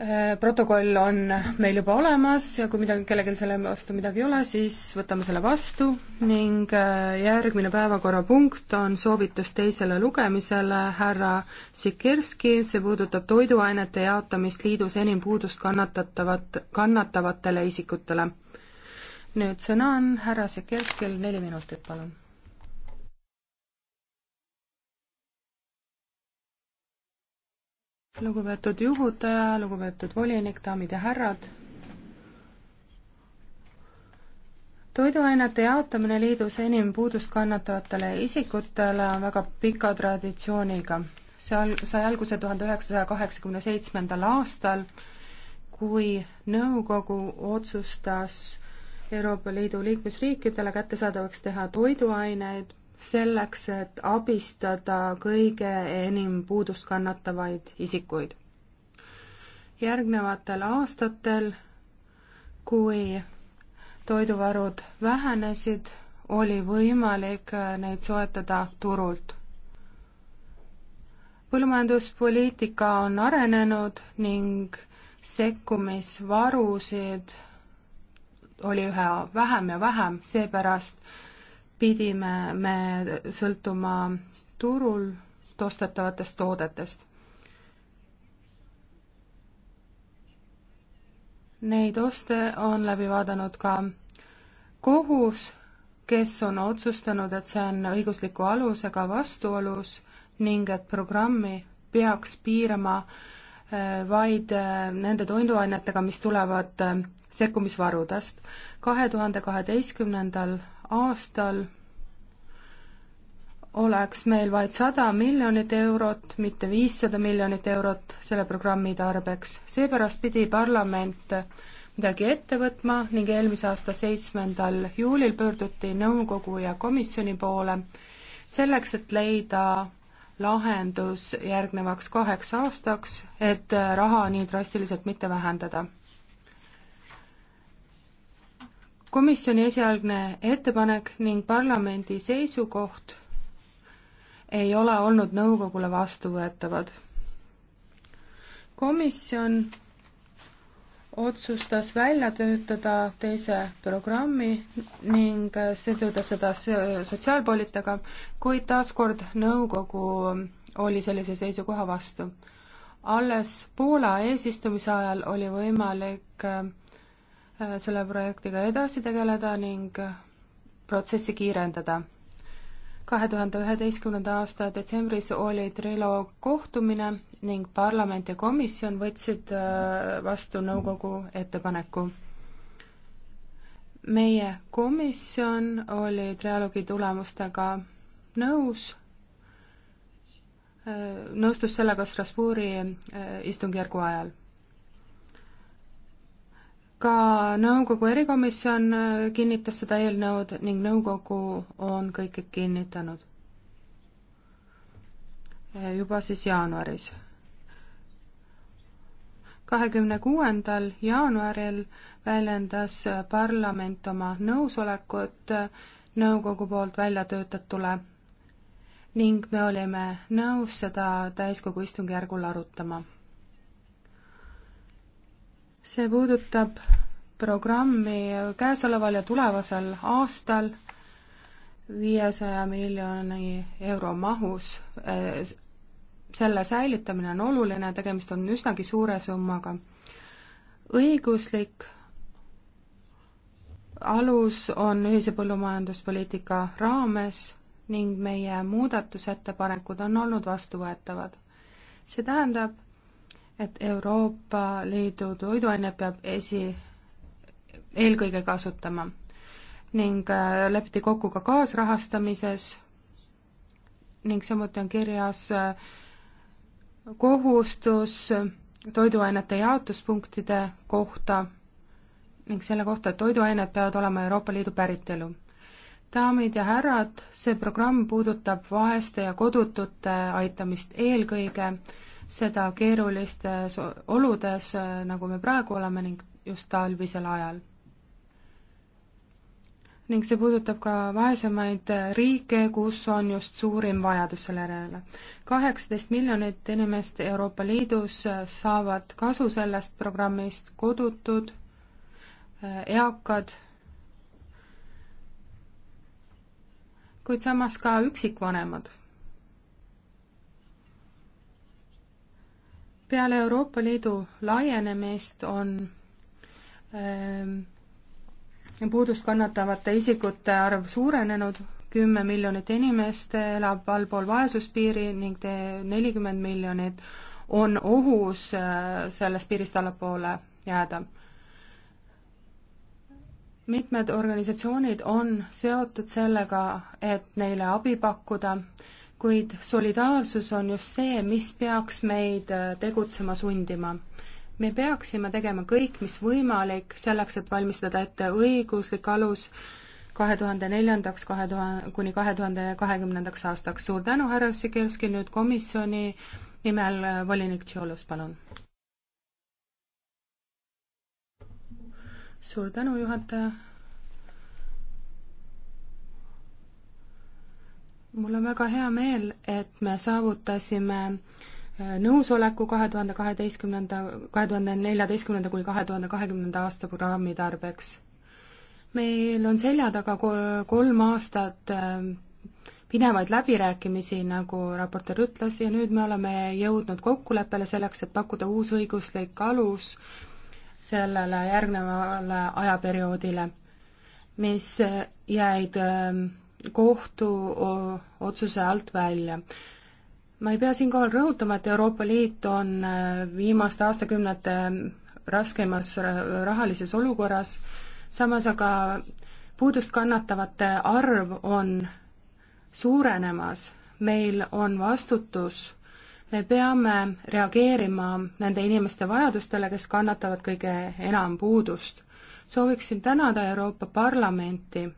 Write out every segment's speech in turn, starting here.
Äh, protokoll on meil juba olemas ja kui midagi, kellelgi selle vastu midagi ei ole, siis võtame selle vastu ning äh, järgmine päevakorrapunkt on soovitus teisele lugemisele härra Sikirski, see puudutab toiduainete jaotamist liidus enim puudust kannatatavat, kannatavatele isikutele. nüüd sõna on härra Sikirskil, neli minutit, palun. lugupeetud juhataja, lugupeetud volinik, daamid ja härrad. toiduainete jaotamine liidus enim puudust kannatavatele isikutele on väga pika traditsiooniga. see al-, sai alguse tuhande üheksasaja kaheksakümne seitsmendal aastal, kui nõukogu otsustas Euroopa Liidu liikmesriikidele kättesaadavaks teha toiduaineid, selleks, et abistada kõige enim puudust kannatavaid isikuid. järgnevatel aastatel, kui toiduvarud vähenesid, oli võimalik neid soetada turult. põllumajanduspoliitika on arenenud ning sekkumisvarusid oli üha vähem ja vähem, seepärast pidime me sõltuma turul ostetavatest toodetest. Neid oste on läbi vaadanud ka kohus, kes on otsustanud, et see on õigusliku alusega vastuolus ning et programmi peaks piirama eh, vaid eh, nende toiduainetega, mis tulevad eh, sekkumisvarudest. kahe tuhande kaheteistkümnendal aastal oleks meil vaid sada miljonit eurot, mitte viissada miljonit eurot selle programmi tarbeks. seepärast pidi parlament midagi ette võtma ning eelmise aasta seitsmendal juulil pöörduti nõukogu ja komisjoni poole selleks, et leida lahendus järgnevaks kaheks aastaks, et raha nii drastiliselt mitte vähendada komisjoni esialgne ettepanek ning parlamendi seisukoht ei ole olnud nõukogule vastuvõetavad. komisjon otsustas välja töötada teise programmi ning siduda seda sotsiaalpoliitikaga, kuid taaskord nõukogu oli sellise seisukoha vastu. alles Poola eesistumise ajal oli võimalik äh, Äh, selle projektiga edasi tegeleda ning protsessi kiirendada. kahe tuhande üheteistkümnenda aasta detsembris oli Trilo kohtumine ning parlament ja komisjon võtsid äh, vastu nõukogu ettepaneku. meie komisjon oli trialoogi tulemustega nõus, äh, nõustus sellega Strasbourgi istungjärgu ajal ka nõukogu erikomisjon äh, kinnitas seda eelnõud ning nõukogu on kõike kinnitanud äh, juba siis jaanuaris. kahekümne kuuendal jaanuaril väljendas äh, parlament oma nõusolekut nõukogu poolt välja töötatule ning me olime nõus seda täiskogu istungjärgul arutama see puudutab programmi käesoleval ja tulevasel aastal viiesaja miljoni euro mahus. Äh, selle säilitamine on oluline, tegemist on üsnagi suure summaga. õiguslik alus on ühise põllumajanduspoliitika raames ning meie muudatusettepanekud on olnud vastuvõetavad. see tähendab, et Euroopa Liidu toiduained peab esi, eelkõige kasutama. ning äh, lepiti kokku ka kaasrahastamises ning samuti on kirjas äh, kohustus toiduainete jaotuspunktide kohta ning selle kohta, et toiduained peavad olema Euroopa Liidu päritolu. daamid ja härrad, see programm puudutab vaeste ja kodutute aitamist eelkõige seda keerulistes äh, oludes, äh, nagu me praegu oleme ning just talvisel ajal. ning see puudutab ka vaesemaid äh, riike, kus on just suurim vajadus selle järele. kaheksateist miljonit inimest Euroopa Liidus saavad kasu sellest programmist, kodutud, eakad, kuid samas ka üksikvanemad peale Euroopa Liidu laienemist on ähm, puudust kannatavate isikute arv suurenenud, kümme miljonit inimest elab allpool vaesuspiiri ning nelikümmend miljonit on ohus äh, sellest piirist allapoole jääda. mitmed organisatsioonid on seotud sellega, et neile abi pakkuda kuid solidaarsus on just see, mis peaks meid äh, tegutsema sundima. me peaksime tegema kõik, mis võimalik, selleks, et valmistada ette õiguslik alus kahe tuhande neljandaks, kahe tuhande, kuni kahe tuhande kahekümnendaks aastaks. suur tänu, härra Sikerski, nüüd komisjoni nimel äh, volinik Tšiolus, palun. suur tänu, juhataja mul on väga hea meel, et me saavutasime äh, nõusoleku kahe tuhande kaheteistkümnenda, kahe tuhande neljateistkümnenda kuni kahe tuhande kahekümnenda aasta programmi tarbeks. meil on selja taga kolm aastat äh, pinevaid läbirääkimisi, nagu raportöör ütles, ja nüüd me oleme jõudnud kokkuleppele selleks, et pakkuda uus õiguslik alus sellele järgnevale ajaperioodile, mis äh, jäid kohtu otsuse alt välja. ma ei pea siinkohal rõhutama, et Euroopa Liit on viimaste aastakümnete raskemas rahalises olukorras, samas aga puudust kannatavate arv on suurenemas, meil on vastutus, me peame reageerima nende inimeste vajadustele, kes kannatavad kõige enam puudust. sooviksin tänada Euroopa Parlamenti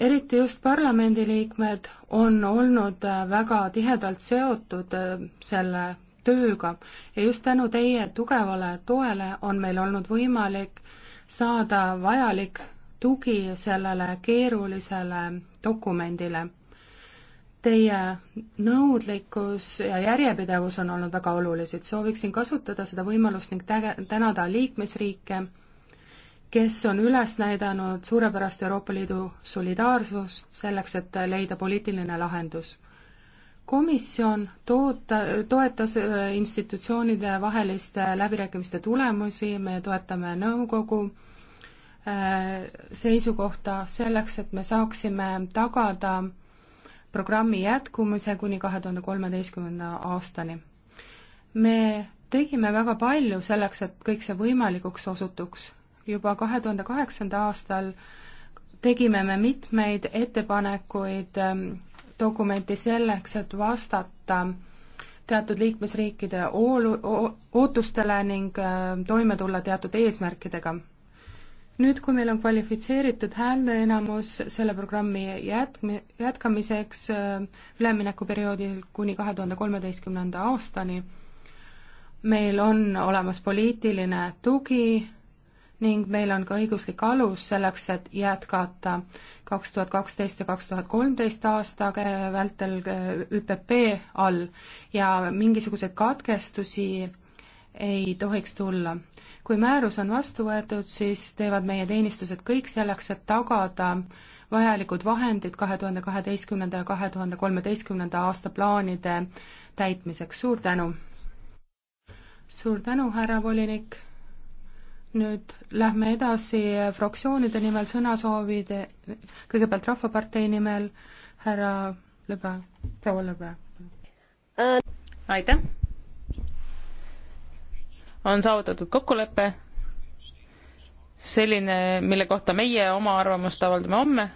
eriti just parlamendiliikmed on olnud väga tihedalt seotud äh, selle tööga ja just tänu teie tugevale toele on meil olnud võimalik saada vajalik tugi sellele keerulisele dokumendile. Teie nõudlikkus ja järjepidevus on olnud väga olulised, sooviksin kasutada seda võimalust ning tänada liikmesriike kes on üles näidanud suurepärast Euroopa Liidu solidaarsust selleks, et leida poliitiline lahendus. komisjon toota, toetas äh, institutsioonide vaheliste läbirääkimiste tulemusi, me toetame nõukogu äh, seisukohta selleks, et me saaksime tagada programmi jätkumise kuni kahe tuhande kolmeteistkümnenda aastani. me tegime väga palju selleks, et kõik see võimalikuks osutuks juba kahe tuhande kaheksanda aastal tegime me mitmeid ettepanekuid ähm, dokumenti selleks, et vastata teatud liikmesriikide oolu, ootustele ning ähm, toime tulla teatud eesmärkidega. nüüd, kui meil on kvalifitseeritud häälteenamus selle programmi jätkmi-, jätkamiseks ähm, üleminekuperioodil kuni kahe tuhande kolmeteistkümnenda aastani, meil on olemas poliitiline tugi ning meil on ka õiguslik alus selleks, et jätkata kaks tuhat kaksteist ja kaks tuhat kolmteist aasta vältel äh, ÜPP all ja mingisuguseid katkestusi ei tohiks tulla. kui määrus on vastu võetud, siis teevad meie teenistused kõik selleks, et tagada vajalikud vahendid kahe tuhande kaheteistkümnenda ja kahe tuhande kolmeteistkümnenda aasta plaanide täitmiseks, suur tänu! suur tänu, härra volinik! nüüd lähme edasi fraktsioonide nimel sõnasoovide, kõigepealt Rahvapartei nimel härra Lõbe, proua Lõbe. aitäh! on saavutatud kokkulepe, selline, mille kohta meie oma arvamust avaldame homme.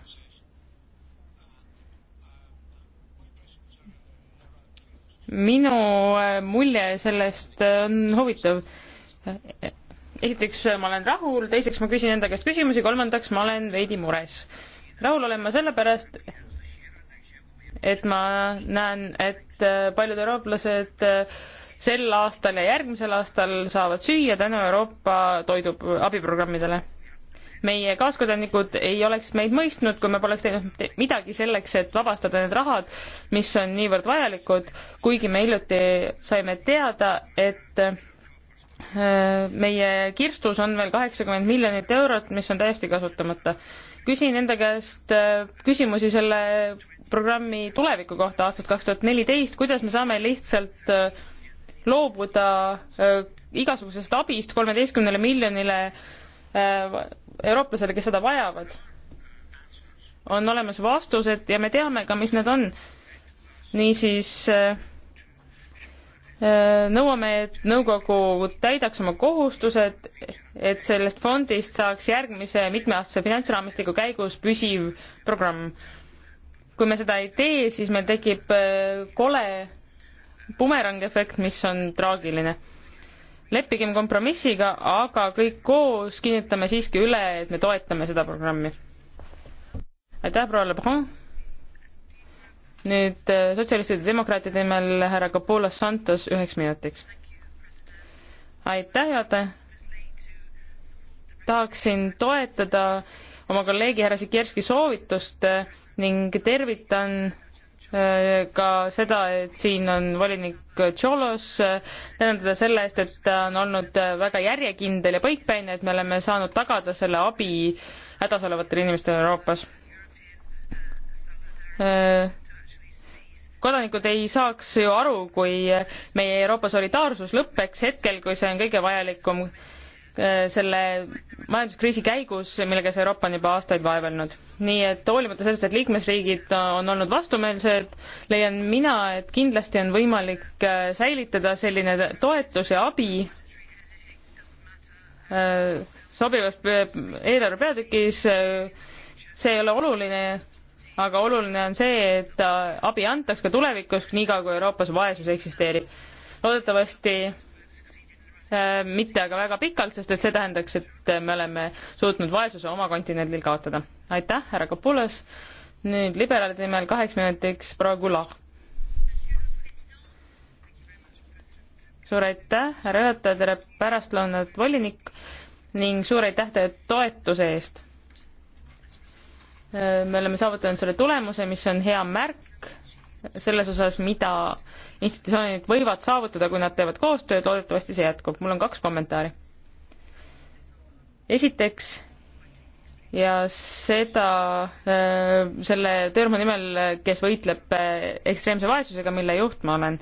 minu eh, mulje sellest eh, on huvitav esiteks ma olen rahul, teiseks ma küsin enda käest küsimusi, kolmandaks ma olen veidi mures. rahul olen ma sellepärast, et ma näen, et äh, paljud eurooplased äh, sel aastal ja järgmisel aastal saavad süüa tänu Euroopa toidu abiprogrammidele. meie kaaskodanikud ei oleks meid mõistnud, kui me poleks teinud midagi selleks, et vabastada need rahad, mis on niivõrd vajalikud, kuigi me hiljuti saime teada, et Äh, meie kirstus on veel kaheksakümmend miljonit eurot, mis on täiesti kasutamata. küsin enda käest äh, küsimusi selle programmi tuleviku kohta aastast kaks tuhat neliteist, kuidas me saame lihtsalt äh, loobuda igasugusest abist kolmeteistkümnele miljonile eurooplasele, kes seda vajavad. on olemas vastused ja me teame ka, mis need on. niisiis äh, nõuame, et nõukogu täidaks oma kohustused, et sellest fondist saaks järgmise mitmeaastase finantsraamistiku käigus püsiv programm. kui me seda ei tee, siis meil tekib äh, kole bumerangefekt, mis on traagiline. leppigem kompromissiga, aga kõik koos kinnitame siiski üle, et me toetame seda programmi. aitäh, proua Le Brun! nüüd äh, sotsialistide demokraatide nimel härra Kapulas Santos üheks minutiks. aitäh, juhataja. tahaksin toetada oma kolleegi härra Sikerski soovitust äh, ning tervitan äh, ka seda, et siin on volinik Tšolos, tänan teda selle eest, et ta on olnud väga järjekindel ja põikpäine, et me oleme saanud tagada selle abi hädas olevatele inimestele Euroopas kodanikud ei saaks ju aru, kui meie Euroopa solidaarsus lõpeks hetkel, kui see on kõige vajalikum äh, selle majanduskriisi käigus, millega see Euroopa on juba aastaid vaevelnud. nii et hoolimata sellest, et liikmesriigid on olnud vastumeelsed, leian mina, et kindlasti on võimalik äh, säilitada selline toetus ja abi äh, sobivas eelarve peatükis, see ei ole oluline aga oluline on see, et abi antaks ka tulevikus, niikaua kui Euroopas vaesus eksisteerib. loodetavasti äh, mitte aga väga pikalt, sest et see tähendaks, et me oleme suutnud vaesuse oma kontinendil kaotada. aitäh, härra Kapulas. nüüd liberaalide nimel kaheks minutiks proua Gulag. suur aitäh, härra juhataja, tere pärastlõunat, volinik ning suur aitäh teile toetuse eest me oleme saavutanud selle tulemuse, mis on hea märk selles osas, mida institutsioonid võivad saavutada, kui nad teevad koostööd, loodetavasti see jätkub. mul on kaks kommentaari. esiteks, ja seda äh, selle töörühma nimel, kes võitleb äh, ekstreemse vaesusega, mille juht ma olen,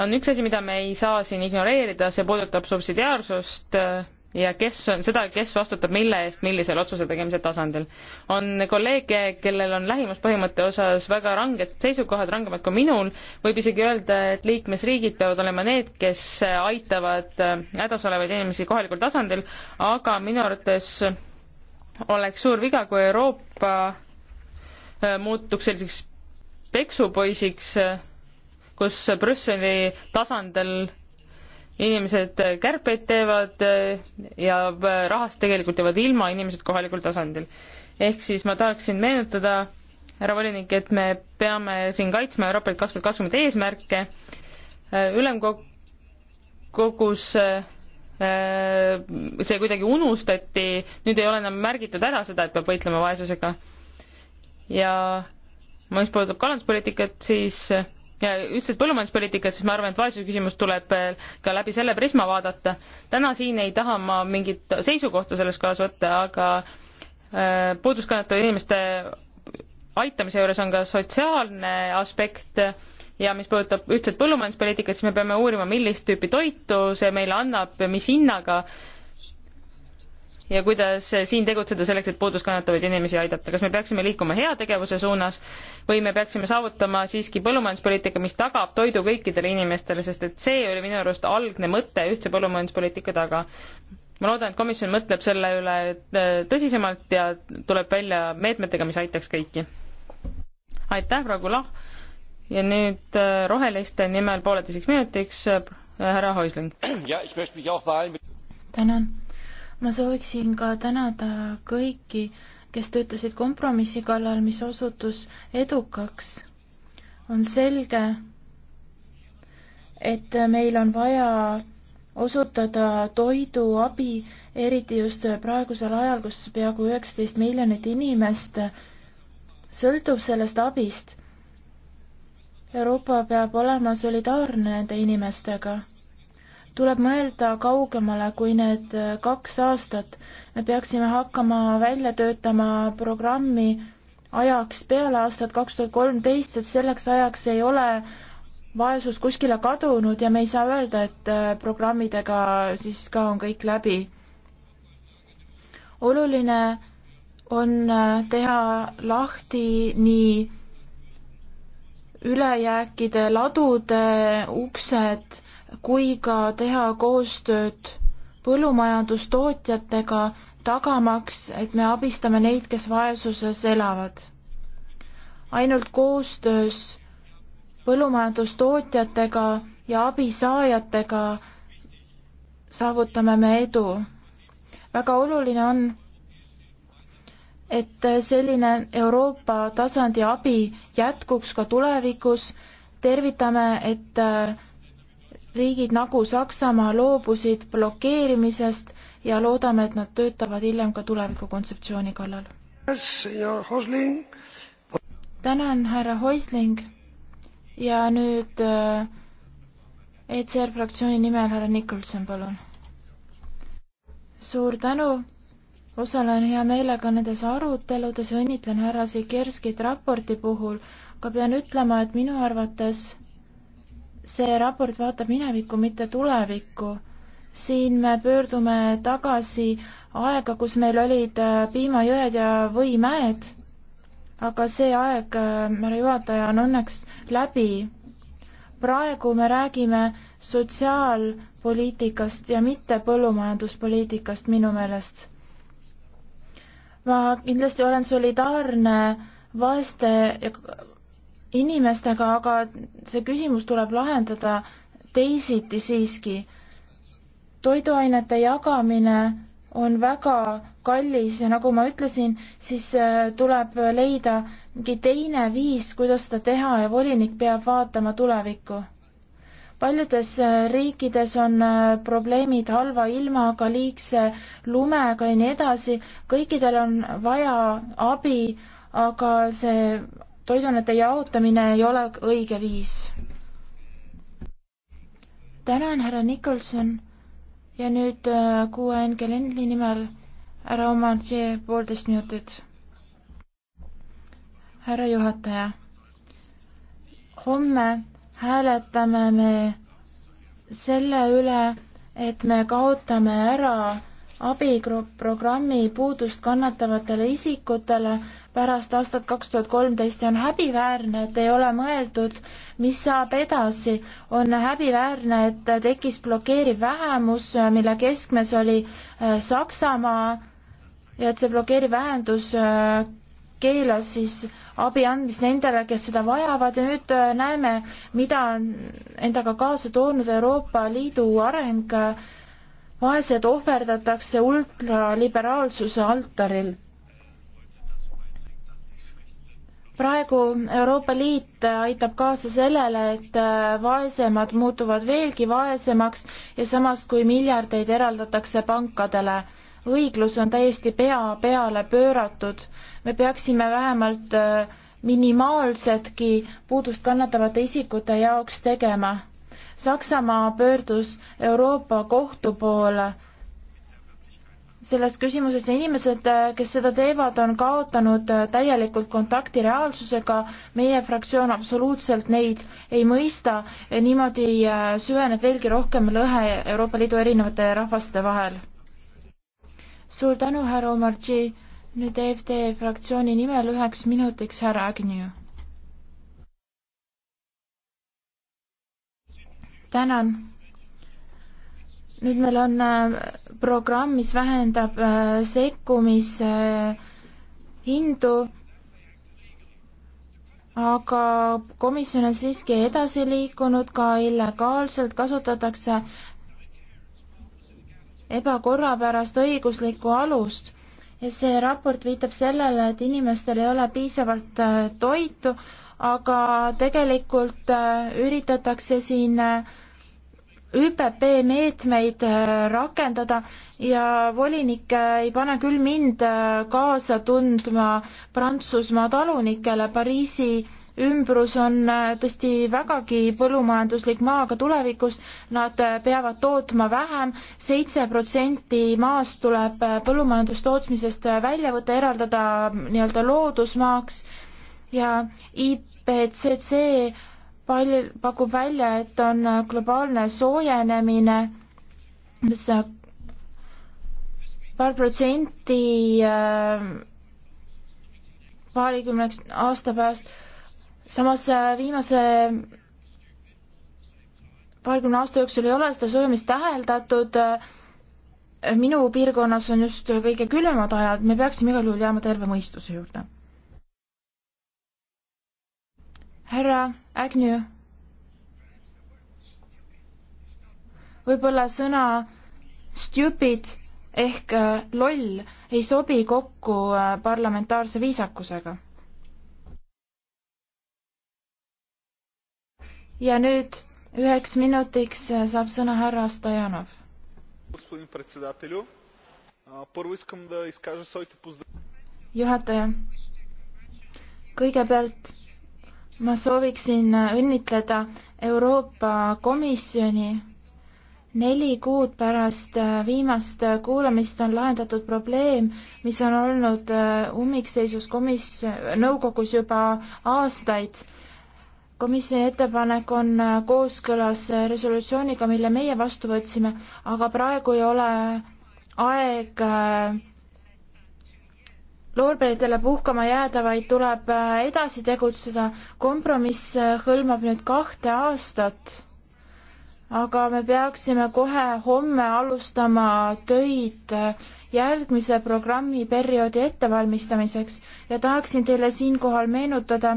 on üks asi, mida me ei saa siin ignoreerida, see puudutab subsidiaarsust, äh, ja kes on seda, kes vastutab mille eest, millisel otsuse tegemise tasandil. on kolleege, kellel on lähimuspõhimõtte osas väga ranged seisukohad, rangemad kui minul, võib isegi öelda, et liikmesriigid peavad olema need, kes aitavad äh, hädasolevaid inimesi kohalikul tasandil, aga minu arvates oleks suur viga, kui Euroopa äh, muutuks selliseks peksupoisiks, äh, kus Brüsseli tasandil inimesed kärpeid teevad ja rahast tegelikult jäävad ilma inimesed kohalikul tasandil. ehk siis ma tahaksin meenutada, härra volinik, et me peame siin kaitsma Euroopa Liidu kaks tuhat kakskümmend eesmärke, ülemkogus äh, see kuidagi unustati, nüüd ei ole enam märgitud ära seda, et peab võitlema vaesusega. ja mis puudutab kalanduspoliitikat, siis ühtset põllumajanduspoliitikat, siis ma arvan, et vaesusküsimus tuleb äh, ka läbi selle prisma vaadata. täna siin ei taha ma mingit seisukohta selles kohas võtta, aga äh, puudust kannatavate inimeste aitamise juures on ka sotsiaalne aspekt ja mis puudutab ühtset põllumajanduspoliitikat, siis me peame uurima, millist tüüpi toitu see meile annab, mis hinnaga ja kuidas siin tegutseda selleks, et puudust kannatavaid inimesi aidata. kas me peaksime liikuma heategevuse suunas või me peaksime saavutama siiski põllumajanduspoliitika, mis tagab toidu kõikidele inimestele, sest et see oli minu arust algne mõte ühtse põllumajanduspoliitika taga. ma loodan, et komisjon mõtleb selle üle äh, tõsisemalt ja tuleb välja meetmetega, mis aitaks kõiki. aitäh, Ragula! ja nüüd äh, roheliste nimel pooleteiseks minutiks äh, härra Häusling. tänan ma sooviksin ka tänada kõiki, kes töötasid kompromissi kallal, mis osutus edukaks. on selge, et meil on vaja osutada toiduabi, eriti just praegusel ajal, kus peaaegu üheksateist miljonit inimest sõltub sellest abist. Euroopa peab olema solidaarne nende inimestega tuleb mõelda kaugemale kui need kaks aastat. me peaksime hakkama välja töötama programmi ajaks peale aastat kaks tuhat kolmteist, et selleks ajaks ei ole vaesus kuskile kadunud ja me ei saa öelda, et äh, programmidega siis ka on kõik läbi. oluline on äh, teha lahti nii ülejääkide ladude uksed kui ka teha koostööd põllumajandustootjatega, tagamaks, et me abistame neid, kes vaesuses elavad. ainult koostöös põllumajandustootjatega ja abisaajatega saavutame me edu. väga oluline on, et selline Euroopa tasandi abi jätkuks ka tulevikus. tervitame, et äh, riigid nagu Saksamaa loobusid blokeerimisest ja loodame, et nad töötavad hiljem ka tulevikukontseptsiooni kallal yes,. tänan, härra Häusling ja nüüd äh, ECR fraktsiooni nimel härra Nicholson, palun. suur tänu, osalen hea meelega nendes aruteludes ja õnnitlen härra Sikerskit raporti puhul, aga pean ütlema, et minu arvates see raport vaatab minevikku, mitte tulevikku. siin me pöördume tagasi aega, kus meil olid äh, piimajõed ja võimäed, aga see aeg, äh, härra juhataja, on õnneks läbi. praegu me räägime sotsiaalpoliitikast ja mitte põllumajanduspoliitikast minu meelest. ma kindlasti olen solidaarne vaeste ja inimestega, aga see küsimus tuleb lahendada teisiti siiski. toiduainete jagamine on väga kallis ja nagu ma ütlesin, siis äh, tuleb leida mingi teine viis, kuidas seda teha ja volinik peab vaatama tulevikku. paljudes äh, riikides on äh, probleemid halva ilmaga, liigse lumega ja nii edasi, kõikidel on vaja abi, aga see toiduainete jaotamine ei ole õige viis. tänan, härra Nicholson ja nüüd äh, QN Gelendi nimel härra Omansi poolteist minutit. härra juhataja, homme hääletame me selle üle, et me kaotame ära abiprogrammi puudust kannatavatele isikutele pärast aastat kaks tuhat kolmteist ja on häbiväärne, et ei ole mõeldud, mis saab edasi. on häbiväärne, et tekkis blokeeriv vähemus, mille keskmes oli äh, Saksamaa ja et see blokeeriv vähendus äh, keelas siis abi andmist nendele, kes seda vajavad ja nüüd äh, näeme, mida on endaga kaasa toonud Euroopa Liidu areng vaesed ohverdatakse ultraliberaalsuse altaril. praegu Euroopa Liit aitab kaasa sellele, et vaesemad muutuvad veelgi vaesemaks ja samas kui miljardeid eraldatakse pankadele. õiglus on täiesti pea peale pööratud. me peaksime vähemalt minimaalsetki puudust kannatavate isikute jaoks tegema Saksamaa pöördus Euroopa Kohtu poole selles küsimuses ja inimesed, kes seda teevad, on kaotanud täielikult kontakti reaalsusega, meie fraktsioon absoluutselt neid ei mõista ja niimoodi äh, süveneb veelgi rohkem lõhe Euroopa Liidu erinevate rahvaste vahel. suur tänu, härra Omarji, nüüd EFD fraktsiooni nimel üheks minutiks härra Agnew tänan. nüüd meil on äh, programm, mis vähendab äh, sekkumishindu, äh, aga komisjon on siiski edasi liikunud, ka illegaalselt kasutatakse ebakorrapärast õiguslikku alust ja see raport viitab sellele, et inimestel ei ole piisavalt toitu, aga tegelikult üritatakse siin äh, ÜPP meetmeid äh, rakendada ja volinik äh, ei pane küll mind äh, kaasa tundma Prantsusmaa talunikele, Pariisi ümbrus on tõesti vägagi põllumajanduslik maa, aga tulevikus nad peavad tootma vähem, seitse protsenti maast tuleb põllumajandustootmisest välja võtta, eraldada nii-öelda loodusmaaks ja IPCC palju, pakub välja, et on globaalne soojenemine, mis paar protsenti äh, paarikümneks aasta pärast, samas äh, viimase paarikümne aasta jooksul ei ole seda soojumist täheldatud, äh, minu piirkonnas on just kõige külmemad ajad, me peaksime igal juhul jääma terve mõistuse juurde härra Agnew. võib-olla sõna stupid ehk äh, loll ei sobi kokku äh, parlamentaarse viisakusega. ja nüüd üheks minutiks äh, saab sõna härra Stojanov. juhataja, kõigepealt ma sooviksin õnnitleda Euroopa Komisjoni. neli kuud pärast viimast kuulamist on lahendatud probleem, mis on olnud äh, ummikseisus komis-, nõukogus juba aastaid. komisjoni ettepanek on äh, kooskõlas äh, resolutsiooniga, mille meie vastu võtsime, aga praegu ei ole aeg loorberitele puhkama jääda, vaid tuleb äh, edasi tegutseda. kompromiss äh, hõlmab nüüd kahte aastat. aga me peaksime kohe homme alustama töid äh, järgmise programmiperioodi ettevalmistamiseks ja tahaksin teile siinkohal meenutada,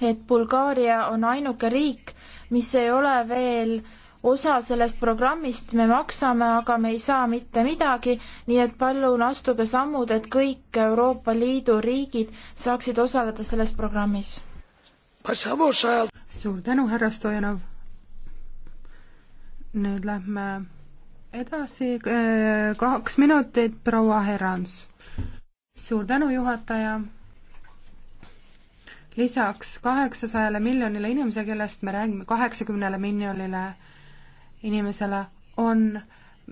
et Bulgaaria on ainuke riik, mis ei ole veel äh, osa sellest programmist me maksame, aga me ei saa mitte midagi, nii et palun astuge sammud, et kõik Euroopa Liidu riigid saaksid osaleda selles programmis. suur tänu, härra Stojanov. nüüd lähme edasi, eh, kaks minutit, proua Herans. suur tänu, juhataja lisaks kaheksasajale miljonile inimesele, kellest me räägime, kaheksakümnele miljonile inimesele on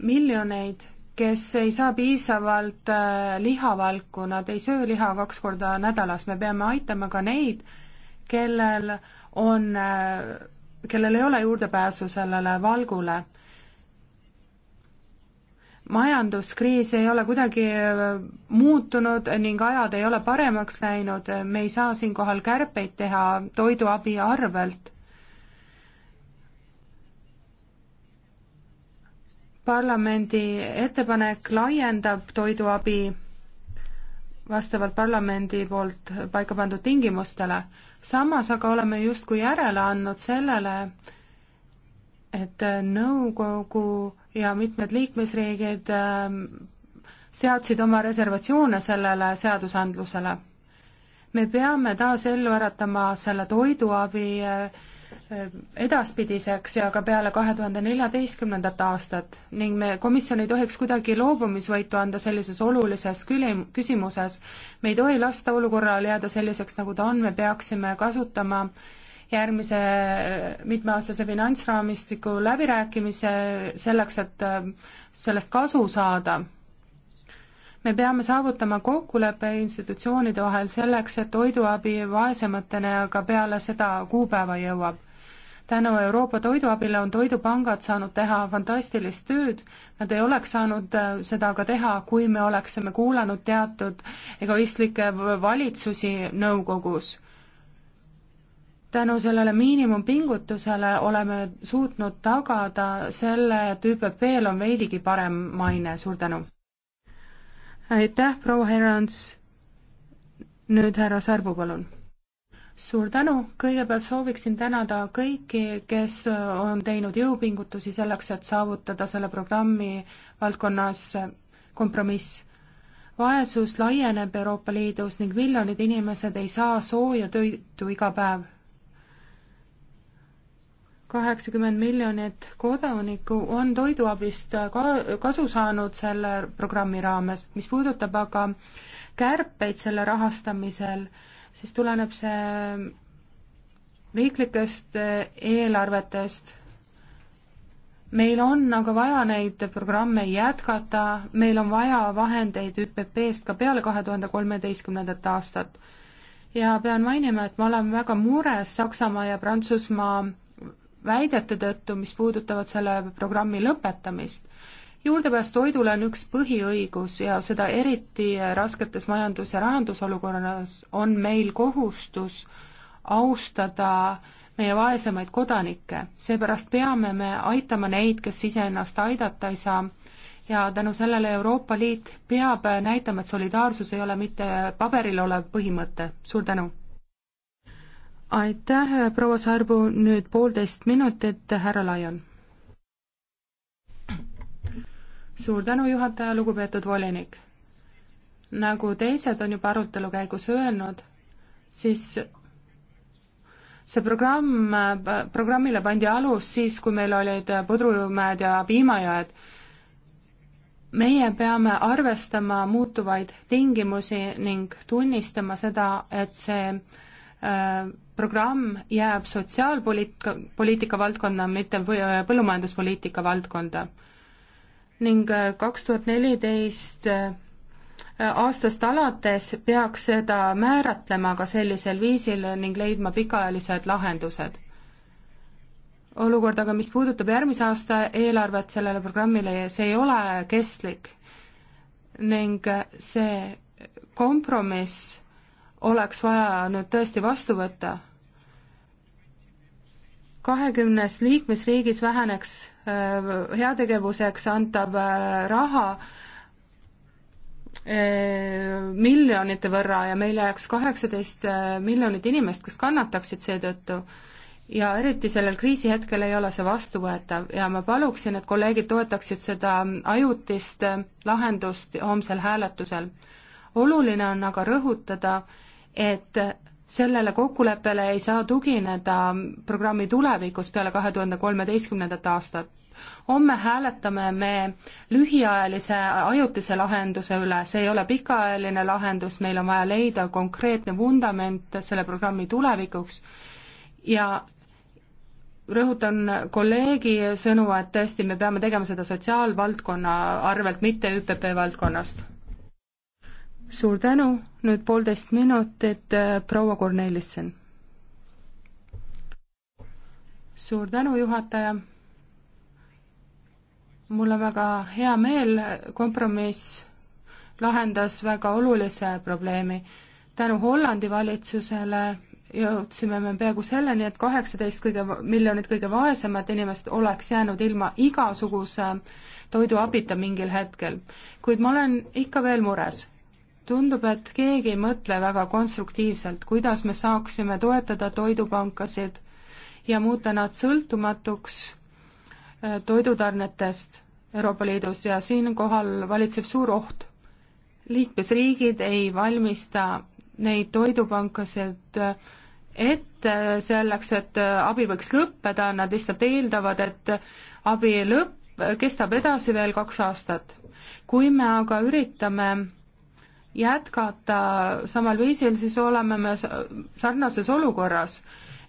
miljoneid, kes ei saa piisavalt äh, lihavalku, nad ei söö liha kaks korda nädalas, me peame aitama ka neid, kellel on, äh, kellel ei ole juurdepääsu sellele valgule majanduskriis ei ole kuidagi äh, muutunud ning ajad ei ole paremaks läinud, me ei saa siinkohal kärpeid teha toiduabi arvelt. parlamendi ettepanek laiendab toiduabi vastavalt parlamendi poolt paika pandud tingimustele. samas aga oleme justkui järele andnud sellele, et nõukogu ja mitmed liikmesriigid ähm, seadsid oma reservatsioone sellele seadusandlusele. me peame taas ellu äratama selle toiduabi äh, edaspidiseks ja ka peale kahe tuhande neljateistkümnendat aastat ning me, komisjon ei tohiks kuidagi loobumisvõitu anda sellises olulises külim-, küsimuses. me ei tohi lasta olukorral jääda selliseks, nagu ta on, me peaksime kasutama järgmise äh, mitmeaastase finantsraamistiku läbirääkimise selleks, et äh, sellest kasu saada. me peame saavutama kokkuleppe institutsioonide vahel selleks, et toiduabi vaesematena ka peale seda kuupäeva jõuab tänu Euroopa toiduabile on toidupangad saanud teha fantastilist tööd, nad ei oleks saanud äh, seda ka teha, kui me oleksime kuulanud teatud egoistlikke valitsusi nõukogus. tänu sellele miinimumpingutusele oleme suutnud tagada selle, et ÜPP-l on veidigi parem maine, suur tänu! aitäh, proua Herrans! nüüd härra Sarbu, palun! suur tänu, kõigepealt sooviksin tänada kõiki, kes on teinud jõupingutusi selleks, et saavutada selle programmi valdkonnas kompromiss. vaesus laieneb Euroopa Liidus ning miljonid inimesed ei saa sooja toitu iga päev. kaheksakümmend miljonit kodanikku on toiduabist ka-, kasu saanud selle programmi raames, mis puudutab aga kärpeid selle rahastamisel, siis tuleneb see riiklikest eh, eelarvetest. meil on aga vaja neid programme jätkata, meil on vaja vahendeid ÜPP-st ka peale kahe tuhande kolmeteistkümnendat aastat. ja pean mainima, et ma olen väga mures Saksamaa ja Prantsusmaa väidete tõttu, mis puudutavad selle programmi lõpetamist juurdepääs toidule on üks põhiõigus ja seda eriti rasketes majandus- ja rahandusolukorras on meil kohustus austada meie vaesemaid kodanikke, seepärast peame me aitama neid, kes ise ennast aidata ei saa ja tänu sellele Euroopa Liit peab näitama, et solidaarsus ei ole mitte paberil olev põhimõte, suur tänu! aitäh, proua Sarbu, nüüd poolteist minutit, härra Laion suur tänu, juhataja, lugupeetud volinik. nagu teised on juba arutelu käigus öelnud, siis see programm, programmile pandi alus siis, kui meil olid pudrumäed ja piimajõed. meie peame arvestama muutuvaid tingimusi ning tunnistama seda, et see äh, programm jääb sotsiaalpoliitika, poliitika valdkonna, mitte põllumajanduspoliitika valdkonda ning äh, kaks tuhat neliteist äh, aastast alates peaks seda määratlema ka sellisel viisil ning leidma pikaajalised lahendused. olukord aga, mis puudutab järgmise aasta eelarvet sellele programmile, see ei ole kestlik ning äh, see kompromiss oleks vaja nüüd tõesti vastu võtta. kahekümnes liikmesriigis väheneks Äh, heategevuseks antav äh, raha äh, miljonite võrra ja meil jääks kaheksateist miljonit inimest, kes kannataksid seetõttu. ja eriti sellel kriisihetkel ei ole see vastuvõetav ja ma paluksin, et kolleegid toetaksid seda ajutist lahendust homsel hääletusel. oluline on aga rõhutada, et sellele kokkuleppele ei saa tugineda programmi tulevikus peale kahe tuhande kolmeteistkümnendat aastat. homme hääletame me lühiajalise ajutise lahenduse üle, see ei ole pikaajaline lahendus, meil on vaja leida konkreetne vundament selle programmi tulevikuks ja rõhutan kolleegi sõnu, et tõesti, me peame tegema seda sotsiaalvaldkonna arvelt, mitte ÜPP valdkonnast suur tänu, nüüd poolteist minutit, äh, proua Kornelissen. suur tänu, juhataja. mul on väga hea meel, kompromiss lahendas väga olulise probleemi. tänu Hollandi valitsusele jõudsime me peaaegu selleni, et kaheksateist kõige, miljonit kõige vaesemat inimest oleks jäänud ilma igasuguse toiduabita mingil hetkel. kuid ma olen ikka veel mures tundub, et keegi ei mõtle väga konstruktiivselt, kuidas me saaksime toetada toidupankasid ja muuta nad sõltumatuks äh, toidutarnetest Euroopa Liidus ja siinkohal valitseb suur oht. liikmesriigid ei valmista neid toidupankasid äh, ette selleks, et äh, abi võiks lõppeda, nad lihtsalt eeldavad, et abi lõpp kestab edasi veel kaks aastat. kui me aga üritame jätkata samal viisil, siis oleme me sarnases olukorras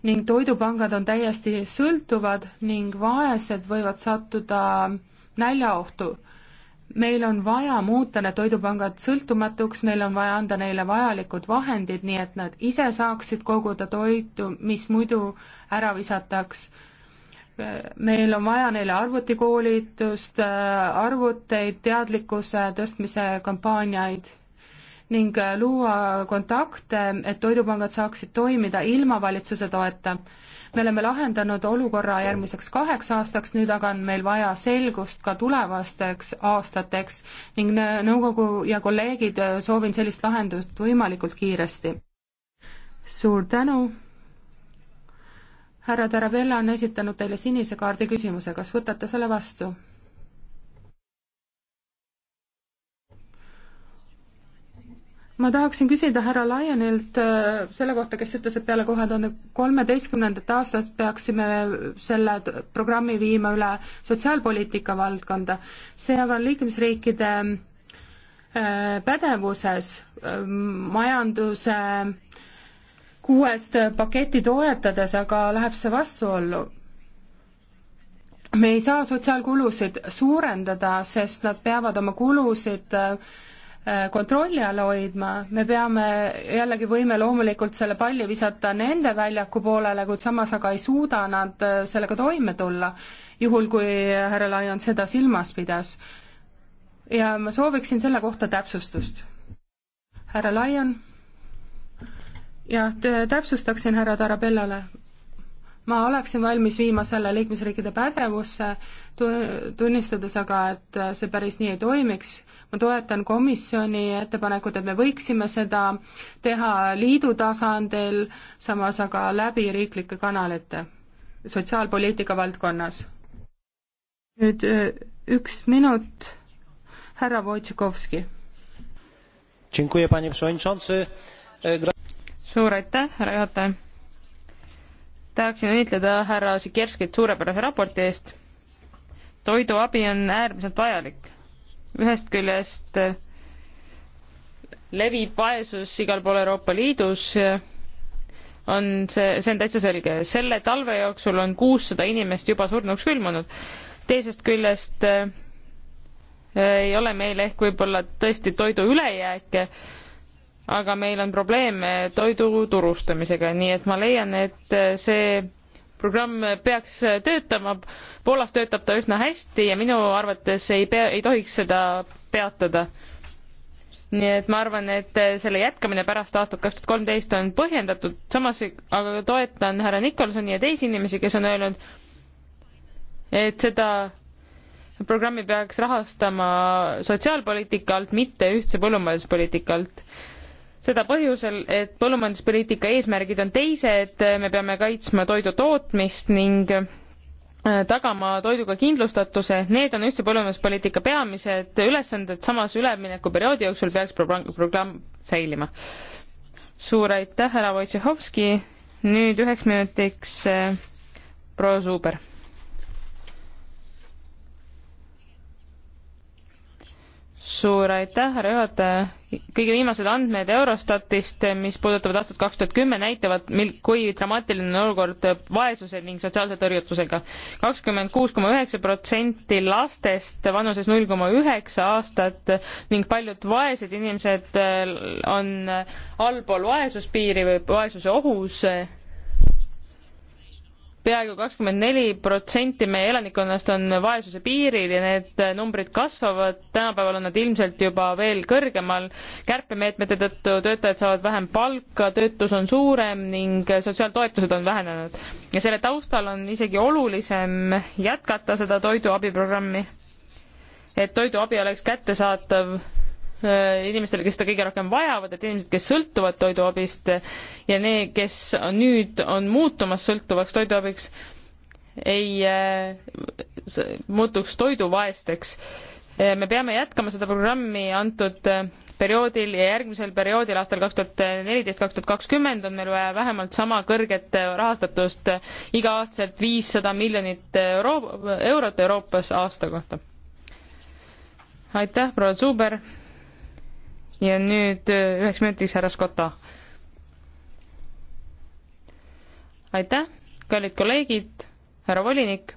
ning toidupangad on täiesti sõltuvad ning vaesed võivad sattuda näljaohtu. meil on vaja muuta need toidupangad sõltumatuks, meil on vaja anda neile vajalikud vahendid, nii et nad ise saaksid koguda toitu, mis muidu ära visataks meil on vaja neile arvutikoolitust, arvuteid, teadlikkuse tõstmise kampaaniaid ning äh, luua kontakte, et toidupangad saaksid toimida ilma valitsuse toeta. me oleme lahendanud olukorra järgmiseks kaheks aastaks, nüüd aga on meil vaja selgust ka tulevasteks aastateks ning äh, nõukogu ja kolleegid, äh, soovin sellist lahendust võimalikult kiiresti. suur tänu! härra Tarabella on esitanud teile sinise kaardi küsimuse, kas võtate selle vastu? ma tahaksin küsida härra Laionilt äh, selle kohta, kes ütles, et peale kahe tuhande kolmeteistkümnendat aastast peaksime selle programmi viima üle sotsiaalpoliitika valdkonda. see aga on liikmesriikide äh, pädevuses äh, majanduse kuuest paketti toetades, aga läheb see vastuollu me ei saa sotsiaalkulusid suurendada, sest nad peavad oma kulusid Äh, kontrolli all hoidma, me peame, jällegi võime loomulikult selle palli visata nende väljaku poolele, kuid samas aga ei suuda nad äh, sellega toime tulla, juhul kui härra Laion seda silmas pidas. ja ma sooviksin selle kohta täpsustust. härra Laion? jah, täpsustaksin härra Tarabellale. ma oleksin valmis viima selle liikmesriikide pädevusse, tunnistades aga, et see päris nii ei toimiks ma toetan komisjoni ettepanekut, et me võiksime seda teha liidu tasandil, samas aga läbi riiklike kanalite sotsiaalpoliitika valdkonnas. nüüd äh, üks minut, härra Wojtšikovski. E, suur aitäh, härra juhataja. tahaksin õnnitleda härra Sikerskit suurepärase raporti eest. toiduabi on äärmiselt vajalik ühest küljest levib vaesus igal pool Euroopa Liidus, on see, see on täitsa selge. selle talve jooksul on kuussada inimest juba surnuks külmunud. teisest küljest äh, ei ole meil ehk võib-olla tõesti toidu ülejääke, aga meil on probleeme toidu turustamisega, nii et ma leian, et eh, see programm peaks töötama. Poolas töötab ta üsna hästi ja minu arvates ei pea, ei tohiks seda peatada. nii et ma arvan, et selle jätkamine pärast aastat kaks tuhat kolmteist on põhjendatud, samas aga toetan härra Nikolsoni ja teisi inimesi, kes on öelnud, et seda programmi peaks rahastama sotsiaalpoliitika alt, mitte ühtse põllumajanduspoliitika alt seda põhjusel, et põllumajanduspoliitika eesmärgid on teised, me peame kaitsma toidu tootmist ning äh, tagama toiduga kindlustatuse, need on ühtse põllumajanduspoliitika peamised ülesanded, samas üleminekuperioodi jooksul peaks programm, programm säilima. suur aitäh, härra Wojciechowski, nüüd üheks minutiks äh, proua Suuber suur aitäh, härra juhataja. kõige viimased andmed Eurostatist, mis puudutavad aastat kaks tuhat kümme, näitavad, mil-, kui dramaatiline on olukord vaesuse ning sotsiaalse tõrjutusega. kakskümmend kuus koma üheksa protsenti lastest vanuses null koma üheksa aastat ning paljud vaesed inimesed eh, on allpool vaesuspiiri või vaesuse ohus peaaegu kakskümmend neli protsenti meie elanikkonnast on vaesuse piiril ja need numbrid kasvavad, tänapäeval on nad ilmselt juba veel kõrgemal. kärpemeetmete tõttu töötajad saavad vähem palka, töötus on suurem ning sotsiaaltoetused on vähenenud. ja selle taustal on isegi olulisem jätkata seda toiduabiprogrammi, et toiduabi oleks kättesaatav Äh, inimestele, kes seda kõige rohkem vajavad, et inimesed, kes sõltuvad toiduabist ja need, kes on nüüd on muutumas sõltuvaks toiduabiks, ei äh, muutuks toiduvaesteks. Äh, me peame jätkama seda programmi antud äh, perioodil ja järgmisel perioodil aastal kaks tuhat neliteist, kaks tuhat kakskümmend on meil vaja vähemalt sama kõrget rahastatust iga-aastaselt viissada miljonit euro, eurot Euroopas aasta kohta. aitäh, proua Zuber ja nüüd äh, üheks minutiks härra Skotta. aitäh, kallid kolleegid, härra volinik.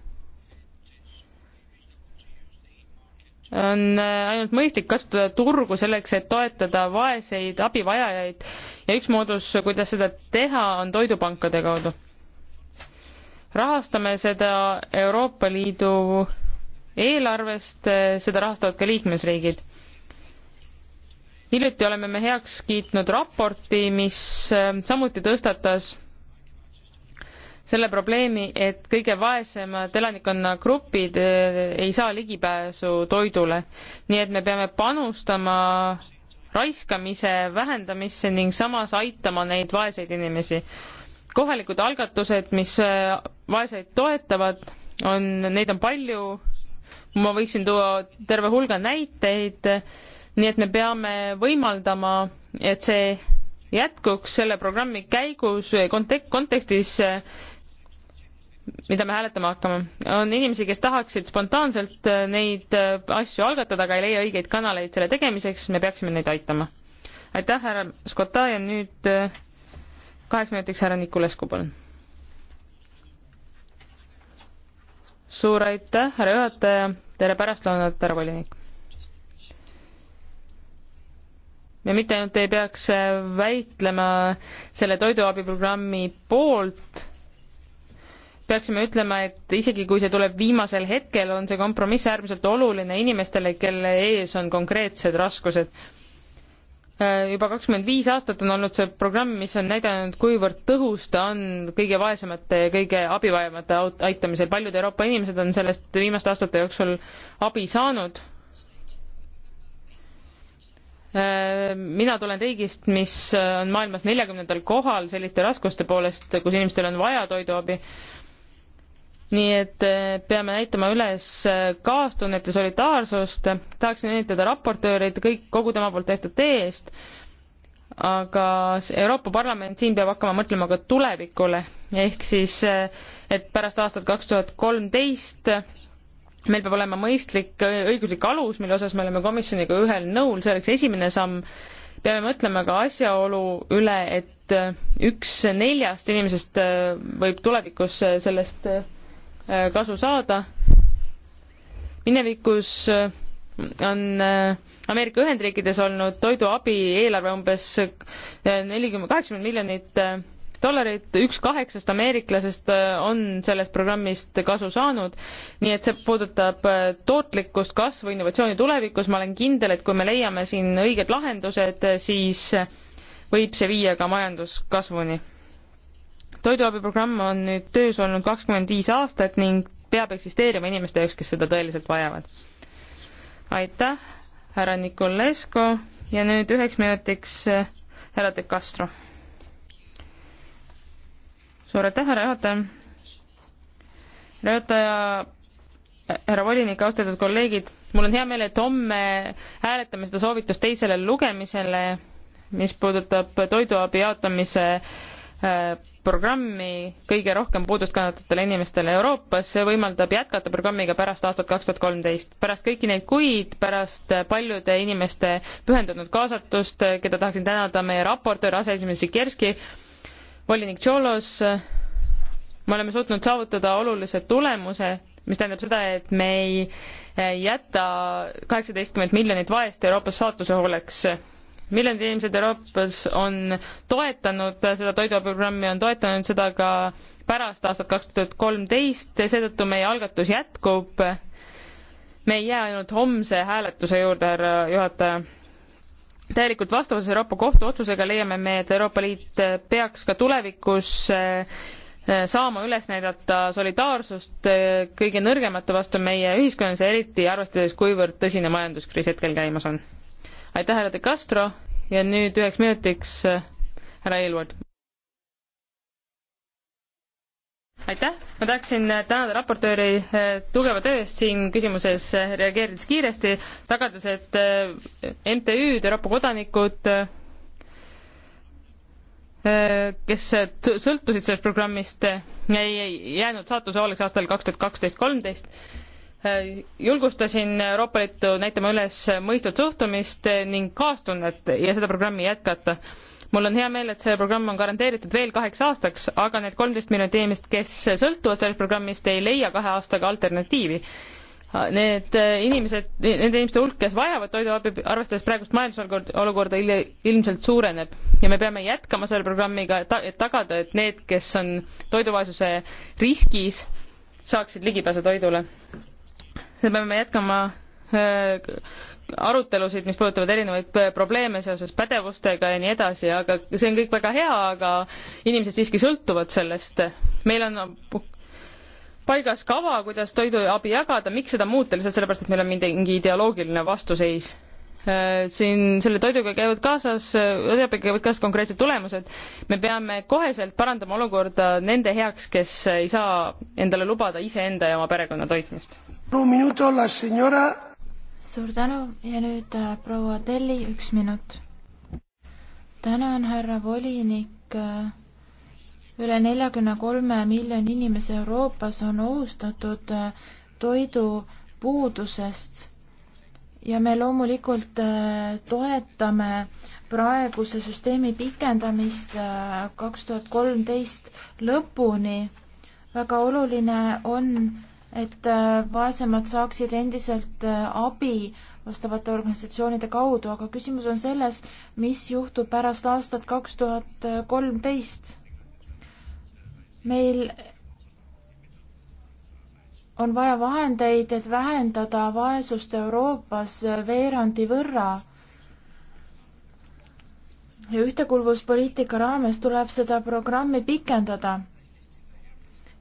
on äh, ainult mõistlik kasutada turgu selleks, et toetada vaeseid abivajajaid ja üks moodus, kuidas seda teha, on toidupankade kaudu. rahastame seda Euroopa Liidu eelarvest, äh, seda rahastavad ka liikmesriigid hiljuti oleme me heaks kiitnud raporti, mis äh, samuti tõstatas selle probleemi, et kõige vaesemad elanikkonnagrupid äh, ei saa ligipääsu toidule. nii et me peame panustama raiskamise vähendamisse ning samas aitama neid vaeseid inimesi. kohalikud algatused, mis äh, vaeseid toetavad, on, neid on palju, ma võiksin tuua terve hulga näiteid nii et me peame võimaldama, et see jätkuks selle programmi käigus kontek-, kontekstis, mida me hääletama hakkame. on inimesi, kes tahaksid spontaanselt äh, neid äh, asju algatada, aga ei leia õigeid kanaleid selle tegemiseks, me peaksime neid aitama. aitäh, härra Škota ja nüüd äh, kaheks minutiks härra Nikulescu, palun. suur aitäh, härra juhataja, tere pärastlõunat, härra volinik me mitte ainult ei peaks äh, väitlema selle toiduabiprogrammi poolt, peaksime ütlema, et isegi kui see tuleb viimasel hetkel, on see kompromiss äärmiselt oluline inimestele, kelle ees on konkreetsed raskused. Äh, juba kakskümmend viis aastat on olnud see programm, mis on näidanud, kuivõrd tõhus ta on kõige vaesemate ja kõige abivajavate aitamisel. paljud Euroopa inimesed on sellest viimaste aastate jooksul abi saanud Äh, mina tulen riigist, mis äh, on maailmas neljakümnendal kohal selliste raskuste poolest, kus inimestel on vaja toiduabi. nii et äh, peame näitama üles kaastunnet ja solidaarsust, tahaksin õnnitleda raportööreid kõik, kogu tema poolt tehtud tee eest, aga Euroopa Parlament siin peab hakkama mõtlema ka tulevikule, ehk siis et pärast aastat kaks tuhat kolmteist meil peab olema mõistlik äh, õiguslik alus, mille osas me oleme komisjoniga ühel nõul, see oleks esimene samm. peame mõtlema ka asjaolu üle, et äh, üks neljast inimesest äh, võib tulevikus sellest kasu saada. minevikus on Ameerika Ühendriikides olnud toiduabi eelarve umbes nelikümmend, kaheksakümmend miljonit dollarit, üks kaheksast ameeriklasest äh, on sellest programmist kasu saanud, nii et see puudutab äh, tootlikkust, kasvu, innovatsiooni tulevikus, ma olen kindel, et kui me leiame siin õiged lahendused, äh, siis võib see viia ka majanduskasvuni. toiduabiprogramm on nüüd töös olnud kakskümmend viis aastat ning peab eksisteerima inimeste jaoks, kes seda tõeliselt vajavad. aitäh, härra Nikolesco ja nüüd üheks minutiks härra De Castro suur aitäh, härra juhataja. härra juhataja, härra volinik, austatud kolleegid, mul on hea meel, et homme hääletame seda soovitust teisele lugemisele, mis puudutab toiduabi jaotamise äh, programmi kõige rohkem puudust kannatavatele inimestele Euroopas, see võimaldab jätkata programmiga pärast aastat kaks tuhat kolmteist. pärast kõiki neid kuid, pärast paljude inimeste pühendunud kaasatust, keda tahaksin tänada meie raportöör, aseesimees Sikerski, volinik Tšolos, me oleme suutnud saavutada olulise tulemuse, mis tähendab seda, et me ei eh, jäta kaheksateistkümmet miljonit vaest Euroopas saatuse hooleks. miljonid inimesed Euroopas on toetanud seda toiduabiprogrammi, on toetanud seda ka pärast aastat kaks tuhat kolmteist, seetõttu meie algatus jätkub. me ei jää ainult homse hääletuse juurde, härra juhataja täielikult vastavuses Euroopa Kohtu otsusega leiame me, et Euroopa Liit peaks ka tulevikus eh, eh, saama üles näidata solidaarsust eh, kõige nõrgemate vastu meie ühiskonnas ja eriti arvestades, kuivõrd tõsine majanduskriis hetkel käimas on. aitäh, härra De Castro ja nüüd üheks minutiks härra Eelvard. aitäh, ma tahaksin tänada raportööri äh, tugeva töö eest siin küsimuses, äh, reageerides kiiresti, tagades, et äh, MTÜ-d, Euroopa kodanikud, kes sõltusid sellest programmist, ei jäänud saatuse hooleks aastal kaks tuhat kaksteist, kolmteist. julgustasin Euroopa Liitu näitama üles mõistvat suhtumist ning kaastunnet ja seda programmi jätkata mul on hea meel, et see programm on garanteeritud veel kaheks aastaks, aga need kolmteist miljonit inimest, kes sõltuvad sellest programmist, ei leia kahe aastaga alternatiivi. Need äh, inimesed, nende inimeste hulk, kes vajavad toiduabi, arvestades praegust majandusolukorda, ilmselt suureneb ja me peame jätkama selle programmiga, et tagada, et need, kes on toiduvaesuse riskis, saaksid ligipääsu toidule. seda peame jätkama Äh, arutelusid, mis puudutavad erinevaid probleeme seoses pädevustega ja nii edasi, aga see on kõik väga hea, aga inimesed siiski sõltuvad sellest. meil on paigas kava, kuidas toiduabi jagada, miks seda muuta, lihtsalt sellepärast, et meil on mingi ideoloogiline vastuseis. Äh, siin selle toiduga käivad kaasas, toiduabiga käivad kaasas konkreetsed tulemused. me peame koheselt parandama olukorda nende heaks, kes ei saa endale lubada iseenda ja oma perekonna toitmist. un minuto la señora suur tänu ja nüüd äh, proua Telli, üks minut. tänan, härra volinik. Äh, üle neljakümne kolme miljoni inimese Euroopas on ohustatud äh, toidupuudusest ja me loomulikult toetame praeguse süsteemi pikendamist kaks tuhat kolmteist lõpuni. väga oluline on et äh, vaesemad saaksid endiselt äh, abi vastavate organisatsioonide kaudu, aga küsimus on selles, mis juhtub pärast aastat kaks tuhat äh, kolmteist. meil on vaja vahendeid, et vähendada vaesust Euroopas veerandi võrra ja ühtekuuluvuspoliitika raames tuleb seda programmi pikendada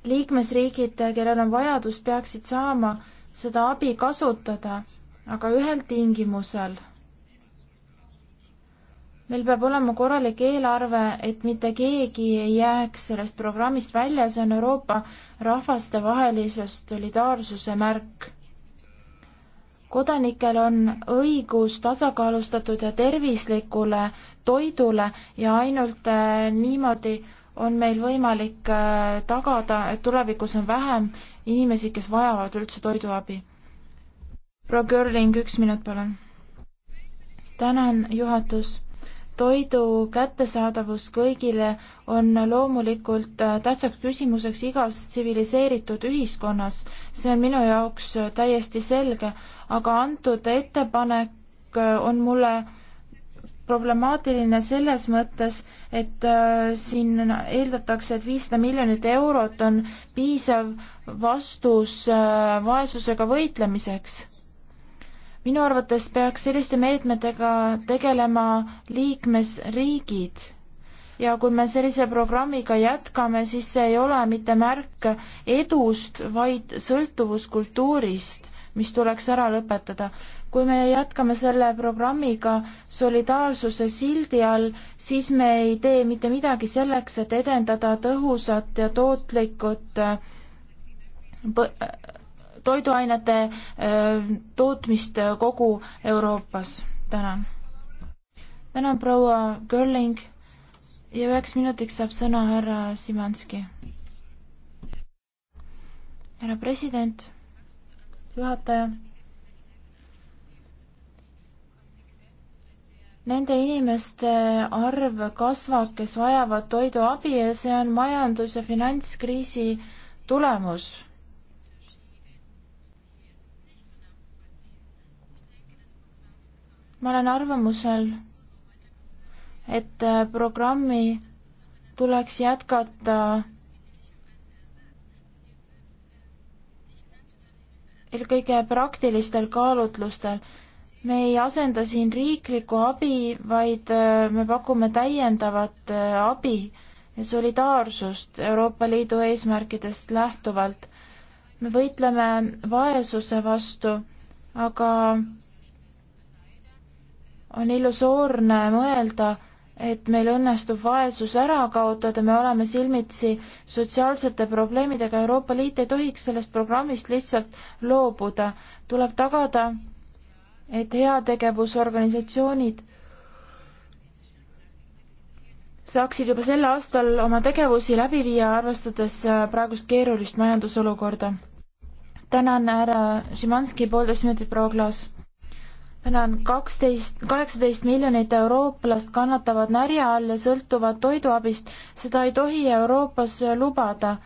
liikmesriigid, kellel on vajadus, peaksid saama seda abi kasutada, aga ühel tingimusel. meil peab olema korralik eelarve, et mitte keegi ei jääks sellest programmist välja, see on Euroopa rahvastevahelise solidaarsuse märk. kodanikel on õigus tasakaalustatud ja tervislikule toidule ja ainult eh, niimoodi on meil võimalik äh, tagada, et tulevikus on vähem inimesi, kes vajavad üldse toiduabi. proua Görling, üks minut, palun. tänan, juhatus. toidu kättesaadavus kõigile on loomulikult äh, tähtsaks küsimuseks igas tsiviliseeritud ühiskonnas. see on minu jaoks äh, täiesti selge, aga antud ettepanek on mulle problemaatiline selles mõttes, et äh, siin eeldatakse, et viissada miljonit eurot on piisav vastus äh, vaesusega võitlemiseks. minu arvates peaks selliste meetmetega tegelema liikmesriigid ja kui me sellise programmiga jätkame, siis see ei ole mitte märk edust, vaid sõltuvuskultuurist, mis tuleks ära lõpetada kui me jätkame selle programmiga solidaarsuse sildi all, siis me ei tee mitte midagi selleks, et edendada tõhusat ja tootlikud äh, toiduainete äh, tootmist kogu Euroopas. tänan. tänan, proua Görling ja üheks minutiks saab sõna härra Simanski. härra president, juhataja nende inimeste arv kasvab, kes vajavad toiduabi ja see on majandus- ja finantskriisi tulemus. ma olen arvamusel, et programmi tuleks jätkata eelkõige praktilistel kaalutlustel me ei asenda siin riiklikku abi, vaid äh, me pakume täiendavat äh, abi ja solidaarsust Euroopa Liidu eesmärkidest lähtuvalt. me võitleme vaesuse vastu, aga on illusoorne mõelda, et meil õnnestub vaesus ära kaotada, me oleme silmitsi sotsiaalsete probleemidega, Euroopa Liit ei tohiks sellest programmist lihtsalt loobuda, tuleb tagada et heategevusorganisatsioonid saaksid juba sel aastal oma tegevusi läbi viia, arvestades äh, praegust keerulist majandusolukorda. tänan, härra Šimanski, poolteist minutit, proua Klaas. tänan, kaksteist, kaheksateist miljonit eurooplast kannatavad närja all ja sõltuvad toiduabist, seda ei tohi Euroopas lubada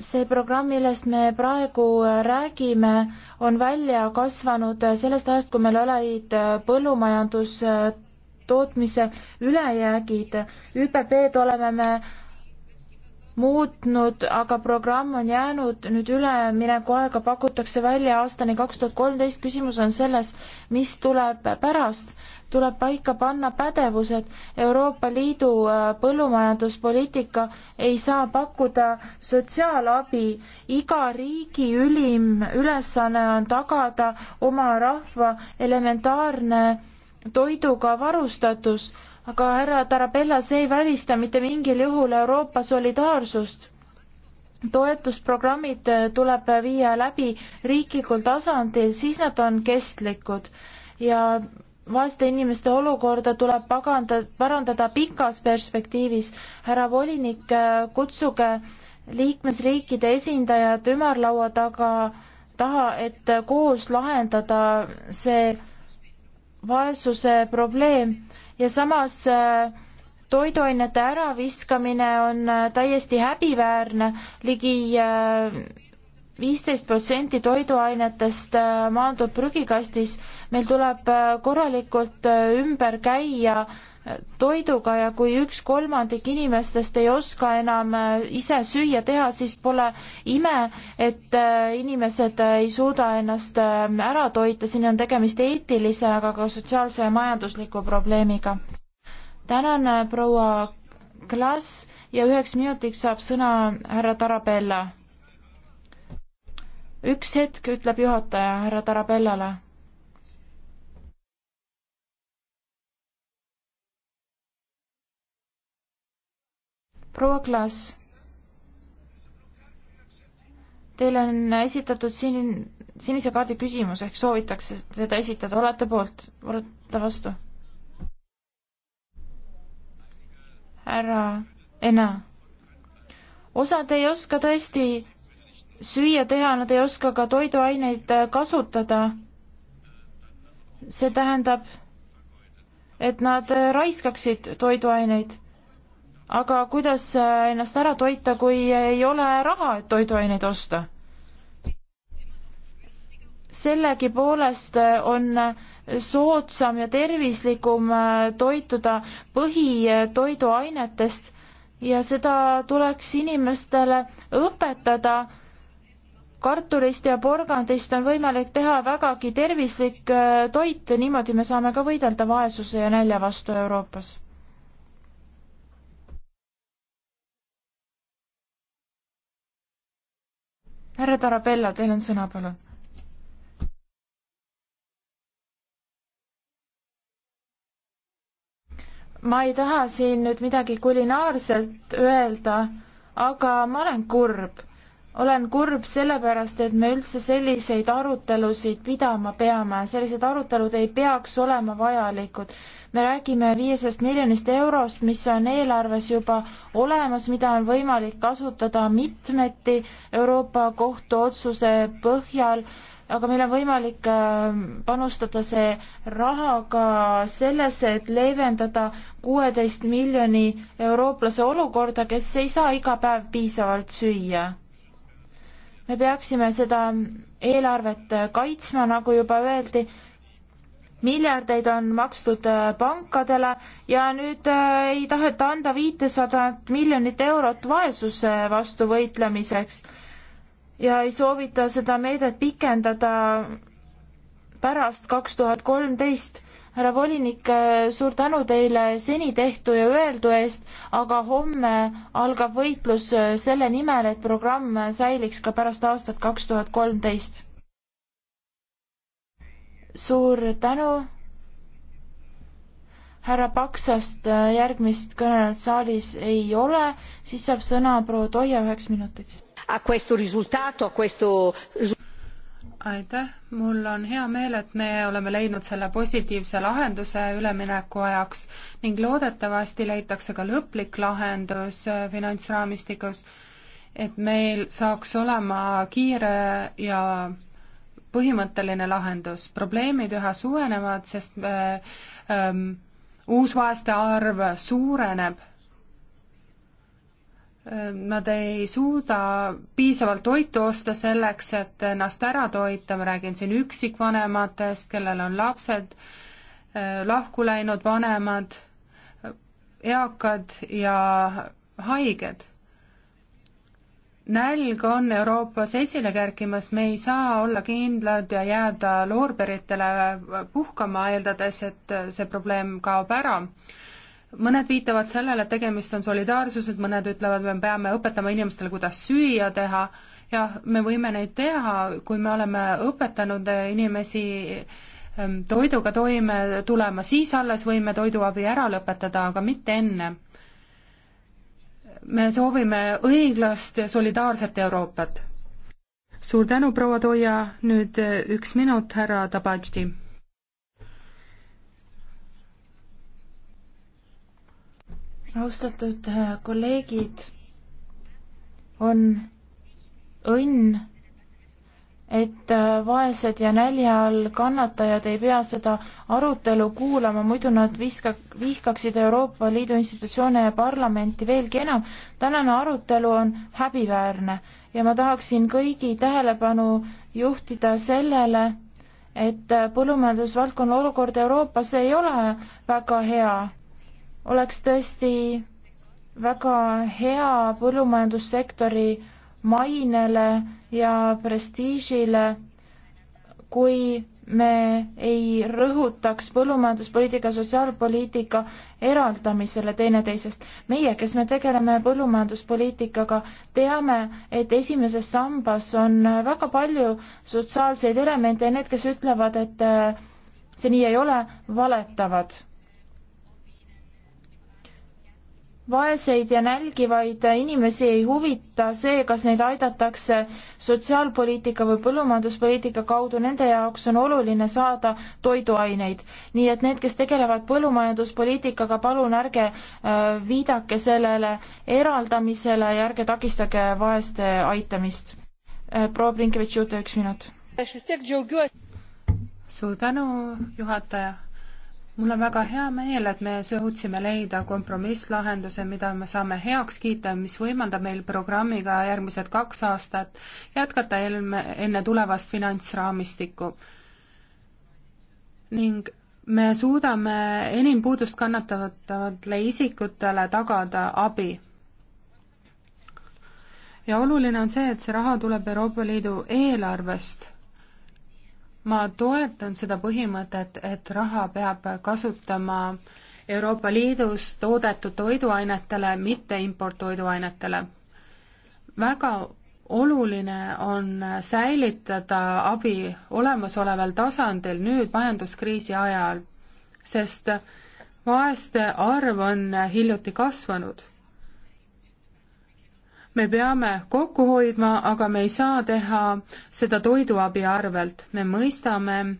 see programm, millest me praegu räägime, on välja kasvanud sellest ajast, kui meil olid põllumajandustootmise ülejäägid. ÜPP-d oleme me muutnud, aga programm on jäänud nüüd üleminekuaega, pakutakse välja aastani kaks tuhat kolmteist. küsimus on selles, mis tuleb pärast tuleb paika panna pädevused. Euroopa Liidu äh, põllumajanduspoliitika ei saa pakkuda sotsiaalabi. iga riigi ülim ülesanne on tagada oma rahva elementaarne toiduga varustatus, aga härra Tarabella, see ei välista mitte mingil juhul Euroopa solidaarsust toetusprogrammid äh, tuleb viia läbi riiklikul tasandil, siis nad on kestlikud ja vaeste inimeste olukorda tuleb paganda, parandada pikas perspektiivis. härra volinik, kutsuge liikmesriikide esindajad ümarlaua taga, taha, et koos lahendada see vaesuse probleem ja samas äh, toiduainete äraviskamine on äh, täiesti häbiväärne ligi, ligi äh, viisteist protsenti toiduainetest maandub prügikastis meil tuleb äh, korralikult äh, ümber käia äh, toiduga ja kui üks kolmandik inimestest ei oska enam ise süüa teha, siis pole ime, et inimesed ei suuda ennast ära toita, siin on tegemist eetilise, aga ka sotsiaalse ja majandusliku probleemiga. tänan, proua Klas ja üheks minutiks saab sõna härra Tarabella. üks hetk, ütleb juhataja härra Tarabellale proua Klaas, teile on esitatud siin sinise kaardi küsimus ehk soovitakse seda esitada, olete poolt, olete vastu? härra Ena, osad ei oska tõesti süüa teha, nad ei oska ka toiduaineid kasutada. see tähendab, et nad raiskaksid toiduaineid aga kuidas äh, ennast ära toita, kui ei ole raha, et toiduaineid osta? sellegipoolest äh, on äh, soodsam ja tervislikum toituda põhitoiduainetest ja seda tuleks inimestele õpetada. kartulist ja porgandist on võimalik teha vägagi tervislik toit, niimoodi me saame ka võidelda vaesuse ja nälja vastu Euroopas härra Tarabella, teil on sõna, palun. ma ei taha siin nüüd midagi kulinaarselt öelda, aga ma olen kurb olen kurb sellepärast, et me üldse selliseid arutelusid pidama peame, sellised arutelud ei peaks olema vajalikud. me räägime viiesajast miljonist eurost, mis on eelarves juba olemas, mida on võimalik kasutada mitmeti Euroopa Kohtu otsuse põhjal, aga meil on võimalik äh, panustada see raha ka sellesse, et leevendada kuueteist miljoni eurooplase olukorda, kes ei saa iga päev piisavalt süüa me peaksime seda eelarvet kaitsma, nagu juba öeldi, miljardeid on makstud äh, pankadele ja nüüd äh, ei taheta anda viitesadat miljonit eurot vaesuse vastu võitlemiseks ja ei soovita seda meedet pikendada pärast kaks tuhat kolmteist härra volinik, suur tänu teile seni tehtu ja öeldu eest, aga homme algab võitlus selle nimel, et programm säiliks ka pärast aastat kaks tuhat kolmteist. suur tänu. härra Paksast järgmist kõnelejat saalis ei ole, siis saab sõna proua Toia üheks minutiks. A questo risultato, a questo aitäh, mul on hea meel, et me oleme leidnud selle positiivse lahenduse ülemineku ajaks ning loodetavasti leitakse ka lõplik lahendus äh, finantsraamistikus, et meil saaks olema kiire ja põhimõtteline lahendus. probleemid üha suurenevad, sest äh, äh, uusvaeste arv suureneb nad ei suuda piisavalt toitu osta selleks, et ennast ära toita, ma räägin siin üksikvanematest, kellel on lapsed, eh, lahku läinud vanemad, eakad ja haiged. nälg on Euroopas esile kerkimas, me ei saa olla kindlad ja jääda loorberitele puhkama, eeldades, et see probleem kaob ära mõned viitavad sellele, et tegemist on solidaarsused, mõned ütlevad, me peame õpetama inimestele, kuidas süüa teha, jah, me võime neid teha, kui me oleme õpetanud inimesi toiduga toime tulema, siis alles võime toiduabi ära lõpetada, aga mitte enne. me soovime õiglast ja solidaarset Euroopat. suur tänu, proua Toia, nüüd eh, üks minut, härra Tabadži austatud äh, kolleegid, on õnn, et äh, vaesed ja nälja all kannatajad ei pea seda arutelu kuulama, muidu nad viska-, vihkaksid Euroopa Liidu institutsioone ja parlamenti veelgi enam. tänane arutelu on häbiväärne ja ma tahaksin kõigi tähelepanu juhtida sellele, et äh, põllumajandusvaldkonna olukord Euroopas ei ole väga hea oleks tõesti väga hea põllumajandussektori mainele ja prestiižile, kui me ei rõhutaks põllumajanduspoliitika, sotsiaalpoliitika eraldamisele teineteisest. meie, kes me tegeleme põllumajanduspoliitikaga, teame, et esimeses sambas on väga palju sotsiaalseid elemente ja need, kes ütlevad, et äh, see nii ei ole, valetavad vaeseid ja nälgivaid inimesi ei huvita see, kas neid aidatakse sotsiaalpoliitika või põllumajanduspoliitika kaudu, nende jaoks on oluline saada toiduaineid. nii et need, kes tegelevad põllumajanduspoliitikaga, palun ärge äh, viidake sellele eraldamisele ja ärge takistage vaeste aitamist. Äh, proua Plinkevitš, juurde üks minut. suur tänu, juhataja mul on väga hea meel, et me suutsime leida kompromisslahenduse, mida me saame heaks kiita, mis võimaldab meil programmiga järgmised kaks aastat jätkata elme, enne tulevast finantsraamistikku. ning me suudame enim puudust kannatavatele isikutele tagada abi. ja oluline on see, et see raha tuleb Euroopa Liidu eelarvest ma toetan seda põhimõtet, et raha peab kasutama Euroopa Liidus toodetud toiduainetele, mitte importtoiduainetele. väga oluline on säilitada abi olemasoleval tasandil nüüd majanduskriisi ajal, sest vaeste arv on hiljuti kasvanud me peame kokku hoidma, aga me ei saa teha seda toiduabi arvelt. me mõistame,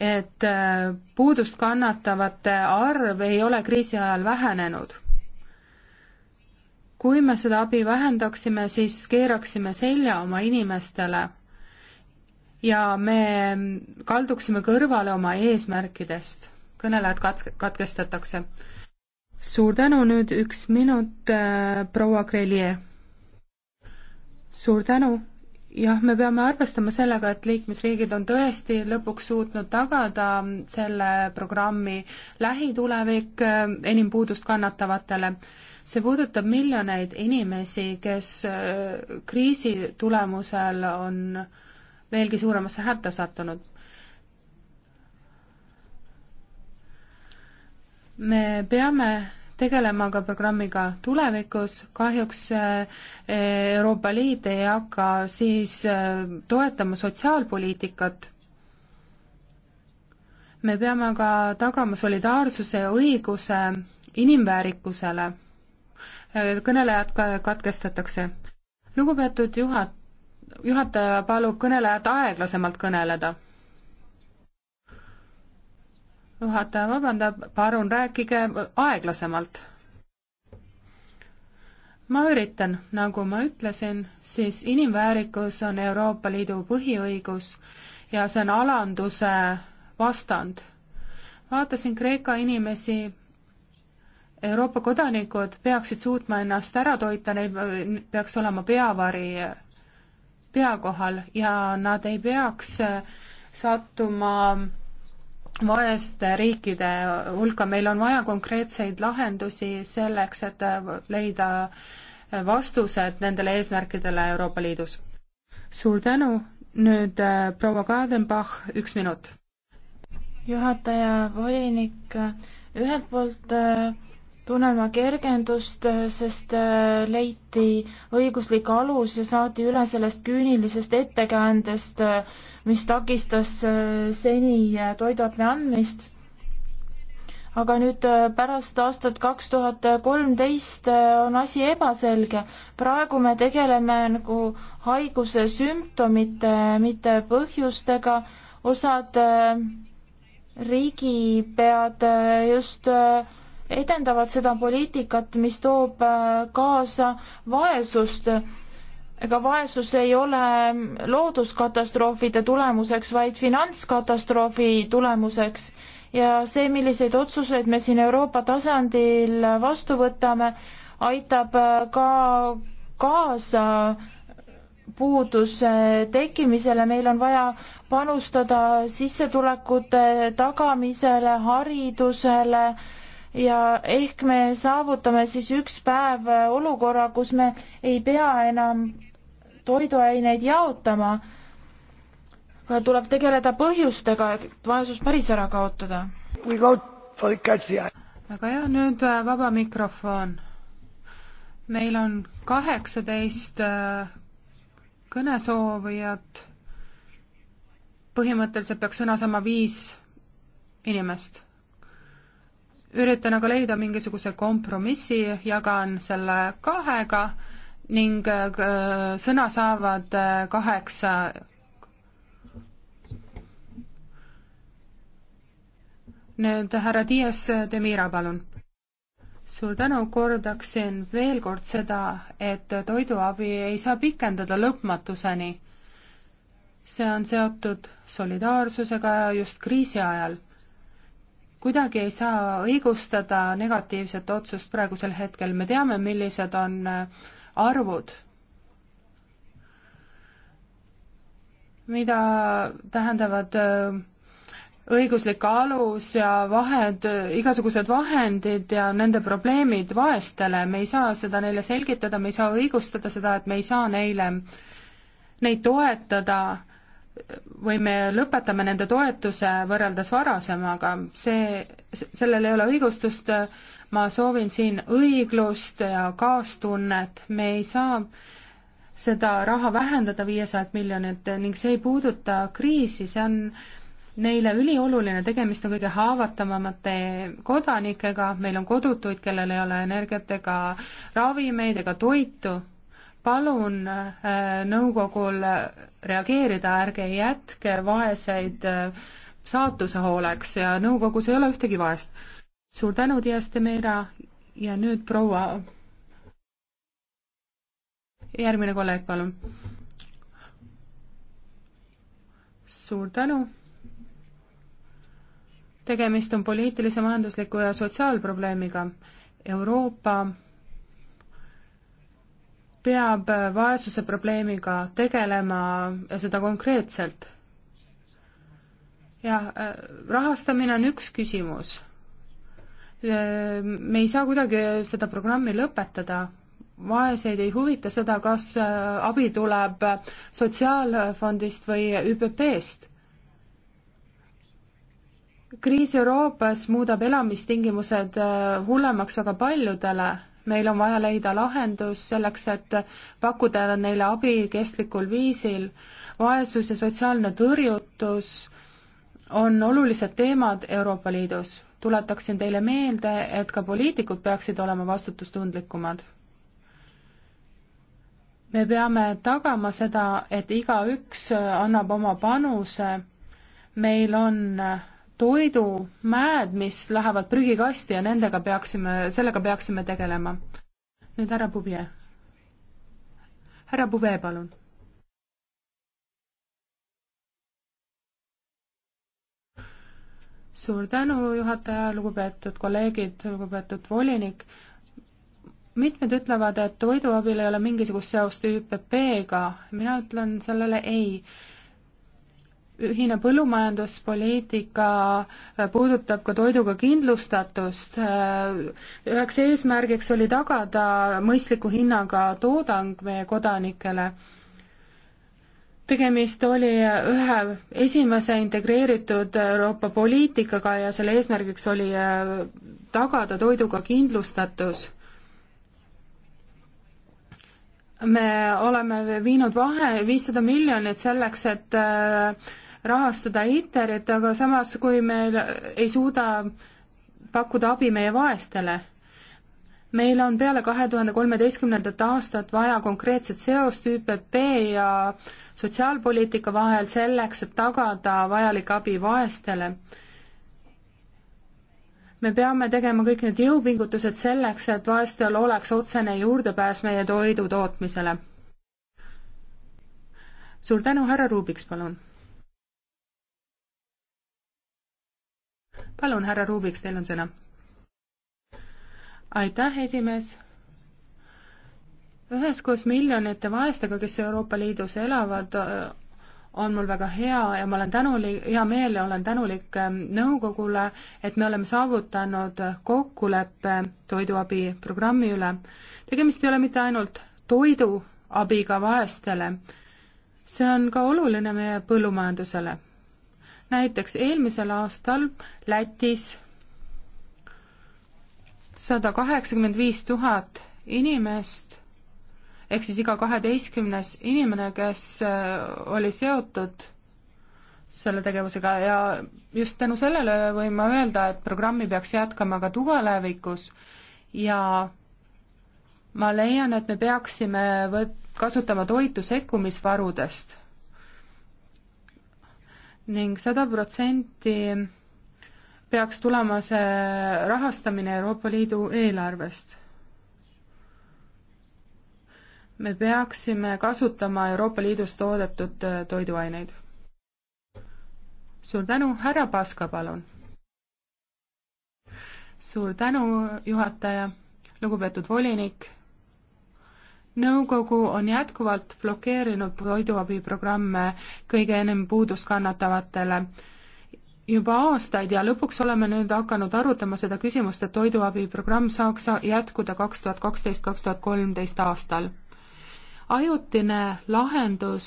et äh, puudust kannatavate arv ei ole kriisi ajal vähenenud. kui me seda abi vähendaksime, siis keeraksime selja oma inimestele ja me kalduksime kõrvale oma eesmärkidest. kõnelejad katk-, katkestatakse. suur tänu, nüüd üks minut äh,, proua Grelier suur tänu! jah, me peame arvestama sellega, et liikmesriigid on tõesti lõpuks suutnud tagada selle programmi lähitulevik äh, enim puudust kannatavatele. see puudutab miljoneid inimesi, kes äh, kriisi tulemusel on veelgi suuremasse hätta sattunud. me peame tegelema ka programmiga tulevikus, kahjuks eh, Euroopa Liit ei hakka siis eh, toetama sotsiaalpoliitikat. me peame ka tagama solidaarsuse ja õiguse inimväärikusele. Eh, kõnelejad ka katkestatakse. lugupeetud juhat-, juhataja palub kõnelejat aeglasemalt kõneleda juhataja vabandab, palun rääkige aeglasemalt. ma üritan, nagu ma ütlesin, siis inimväärikus on Euroopa Liidu põhiõigus ja see on alanduse vastand. vaatasin Kreeka inimesi, Euroopa kodanikud peaksid suutma ennast ära toita, neil peaks olema peavari pea kohal ja nad ei peaks sattuma vaeste riikide hulka, meil on vaja konkreetseid lahendusi selleks, et leida vastused nendele eesmärkidele Euroopa Liidus. suur tänu, nüüd äh, proua Kadenbach, üks minut. juhataja, volinik, ühelt poolt äh, tunnen ma kergendust, sest äh, leiti õiguslik alus ja saadi üle sellest küünilisest ettekäändest, äh, mis takistas äh, seni toiduabi andmist. aga nüüd pärast aastat kaks tuhat kolmteist on asi ebaselge. praegu me tegeleme nagu haiguse sümptomite, mitte põhjustega. osad riigipead just äh, edendavad seda poliitikat, mis toob äh, kaasa vaesust. ega vaesus ei ole looduskatastroofide tulemuseks, vaid finantskatastroofi tulemuseks ja see, milliseid otsuseid me siin Euroopa tasandil vastu võtame, aitab äh, ka kaasa puuduse tekkimisele, meil on vaja panustada sissetulekute tagamisele, haridusele äh,, ja ehk me saavutame siis üks päev olukorra, kus me ei pea enam toiduaineid jaotama, aga tuleb tegeleda põhjustega, et vaesus päris ära kaotada. väga hea, nüüd äh, vaba mikrofon. meil on kaheksateist äh, kõnesoovijat. põhimõtteliselt peaks sõna saama viis inimest üritan aga leida mingisuguse kompromissi, jagan selle kahega ning äh, sõna saavad äh, kaheksa nüüd härra Dias de Mira, palun. suur tänu, kordaksin veel kord seda, et toiduabi ei saa pikendada lõpmatuseni. see on seotud solidaarsusega just kriisi ajal kuidagi ei saa õigustada negatiivset otsust praegusel hetkel, me teame, millised on äh, arvud, mida tähendavad äh, õiguslik alus ja vahend, igasugused vahendid ja nende probleemid vaestele, me ei saa seda neile selgitada, me ei saa õigustada seda, et me ei saa neile, neid toetada või me lõpetame nende toetuse võrreldes varasemaga, see, sellel ei ole õigustust, ma soovin siin õiglust ja kaastunnet, me ei saa seda raha vähendada viiesajalt miljonilt ning see ei puuduta kriisi, see on neile ülioluline, tegemist on kõige haavatavamate kodanikega, meil on kodutuid, kellel ei ole energiat ega ravimeid ega toitu, palun äh, nõukogul äh, reageerida, ärge jätke vaeseid äh, saatuse hooleks ja nõukogus ei ole ühtegi vaest. suur tänu, Dias de Meira ja nüüd proua. järgmine kolleeg, palun. suur tänu. tegemist on poliitilise, majandusliku ja sotsiaalprobleemiga. Euroopa peab äh, vaesuse probleemiga tegelema ja seda konkreetselt. jah, äh, rahastamine on üks küsimus. Äh, me ei saa kuidagi seda programmi lõpetada, vaeseid ei huvita seda, kas abi tuleb Sotsiaalfondist või ÜPP-st. kriis Euroopas muudab elamistingimused hullemaks väga paljudele meil on vaja leida lahendus selleks, et pakkuda neile abi kestlikul viisil. vaesus ja sotsiaalne tõrjutus on olulised teemad Euroopa Liidus. tuletaksin teile meelde, et ka poliitikud peaksid olema vastutustundlikumad. me peame tagama seda, et igaüks annab oma panuse, meil on toidumäed, mis lähevad prügikasti ja nendega peaksime, sellega peaksime tegelema. nüüd härra Puvje. härra Puve, palun. suur tänu, juhataja, lugupeetud kolleegid, lugupeetud volinik. mitmed ütlevad, et toiduabil ei ole mingisugust seost ÜPP-ga, mina ütlen sellele ei ühine põllumajanduspoliitika äh, puudutab ka toiduga kindlustatust. Äh, üheks eesmärgiks oli tagada mõistliku hinnaga toodang meie kodanikele. tegemist oli äh, ühe esimese integreeritud Euroopa poliitikaga ja selle eesmärgiks oli tagada toiduga kindlustatus me oleme viinud vahe viissada miljonit selleks, et rahastada ITER-it, aga samas, kui me ei suuda pakkuda abi meie vaestele, meil on peale kahe tuhande kolmeteistkümnendat aastat vaja konkreetset seost ÜPP ja sotsiaalpoliitika vahel selleks, et tagada vajalik abi vaestele me peame tegema kõik need jõupingutused selleks, et vaestel oleks otsene juurdepääs meie toidu tootmisele. suur tänu, härra Rubiks, palun palun, härra Ruubiks, teil on sõna. aitäh, esimees üheskoos miljonite vaestega, kes Euroopa Liidus elavad, on mul väga hea ja ma olen tänulik, hea meel ja olen tänulik ähm, nõukogule, et me oleme saavutanud kokkuleppe toiduabiprogrammi üle. tegemist ei ole mitte ainult toiduabiga vaestele, see on ka oluline meie põllumajandusele näiteks eelmisel aastal Lätis sada kaheksakümmend viis tuhat inimest ehk siis iga kaheteistkümnes inimene, kes äh, oli seotud selle tegevusega ja just tänu sellele võin ma öelda, et programmi peaks jätkama ka tulevikus ja ma leian, et me peaksime võt-, kasutama toitu sekkumisvarudest ning sada protsenti peaks tulema see rahastamine Euroopa Liidu eelarvest. me peaksime kasutama Euroopa Liidus toodetud äh, toiduaineid. suur tänu, härra Paska, palun! suur tänu, juhataja, lugupeetud volinik nõukogu on jätkuvalt blokeerinud toiduabiprogramme kõige enim puudust kannatavatele juba aastaid ja lõpuks oleme nüüd hakanud arutama seda küsimust, et toiduabiprogramm saaks jätkuda kaks tuhat kaksteist, kaks tuhat kolmteist aastal. ajutine lahendus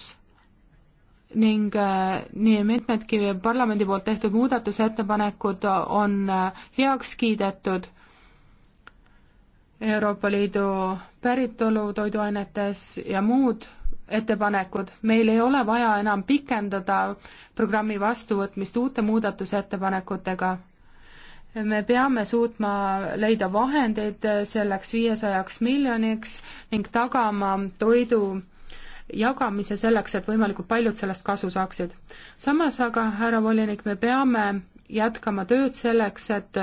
ning äh, nii mitmedki parlamendi poolt tehtud muudatusettepanekud on äh, heaks kiidetud Euroopa Liidu päritolu toiduainetes ja muud ettepanekud, meil ei ole vaja enam pikendada programmi vastuvõtmist uute muudatusettepanekutega. me peame suutma leida vahendeid selleks viiesajaks miljoniks ning tagama toidu jagamise selleks, et võimalikult paljud sellest kasu saaksid. samas aga, härra volinik, me peame jätkama tööd selleks, et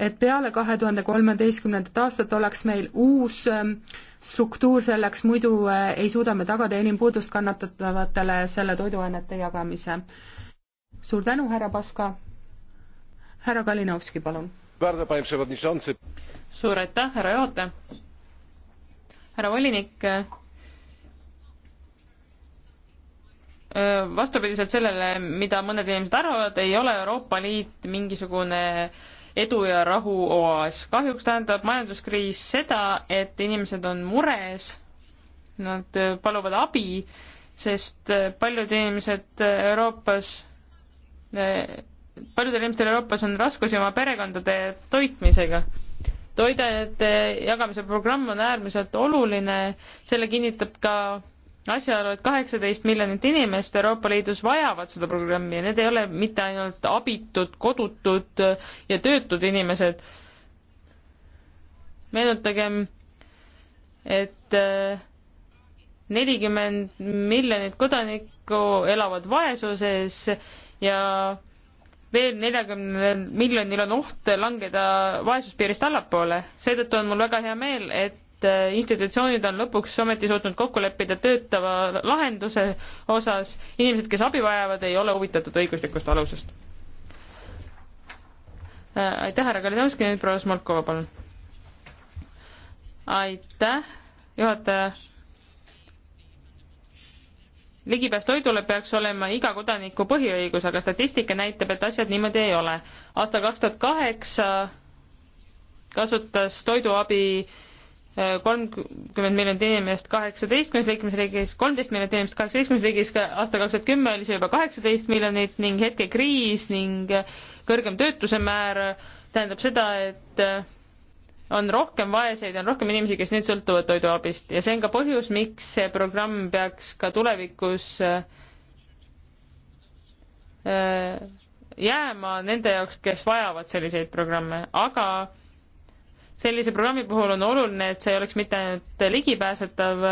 et peale kahe tuhande kolmeteistkümnendat aastat oleks meil uus ähm, struktuur selleks, muidu äh, ei suuda me tagada enim puudust kannatavatele selle toiduainete jagamise. suur tänu, härra Paska. härra Kalinovski, palun. suur aitäh, härra juhataja. härra volinik äh, vastupidiselt sellele, mida mõned inimesed arvavad, ei ole Euroopa Liit mingisugune edu ja rahu oas. kahjuks tähendab majanduskriis seda, et inimesed on mures, nad äh, paluvad abi, sest äh, paljud inimesed äh, Euroopas, paljudel inimestel Euroopas on raskusi oma perekondade toitmisega. toidete jagamise programm on äärmiselt oluline, selle kinnitab ka asjaolu, et kaheksateist miljonit inimest Euroopa Liidus vajavad seda programmi ja need ei ole mitte ainult abitud, kodutud ja töötud inimesed. meenutagem, et äh, nelikümmend miljonit kodanikku elavad vaesuses ja veel neljakümnel miljonil on oht langeda vaesuspiirist allapoole. seetõttu on mul väga hea meel, et Äh, institutsioonid on lõpuks ometi suutnud kokku leppida töötava lahenduse osas, inimesed, kes abi vajavad, ei ole huvitatud õiguslikust alusest. Äh, aitäh, härra Kalinovski, nüüd proua Smolkova, palun. aitäh, juhataja. ligipääs toidule peaks olema iga kodaniku põhiõigus, aga statistika näitab, et asjad niimoodi ei ole. aastal kaks tuhat kaheksa kasutas toiduabi kolmkümmend miljonit inimest kaheksateistkümnes liikmesriigis, kolmteist miljonit inimest kaheksateistkümnes riigis, aastal kaks tuhat kümme oli see juba kaheksateist miljonit ning hetkekriis ning kõrgem töötuse määr tähendab seda, et on rohkem vaeseid, on rohkem inimesi, kes nüüd sõltuvad toiduabist ja see on ka põhjus, miks see programm peaks ka tulevikus äh, jääma nende jaoks, kes vajavad selliseid programme, aga sellise programmi puhul on oluline, et see ei oleks mitte ainult ligipääsetav,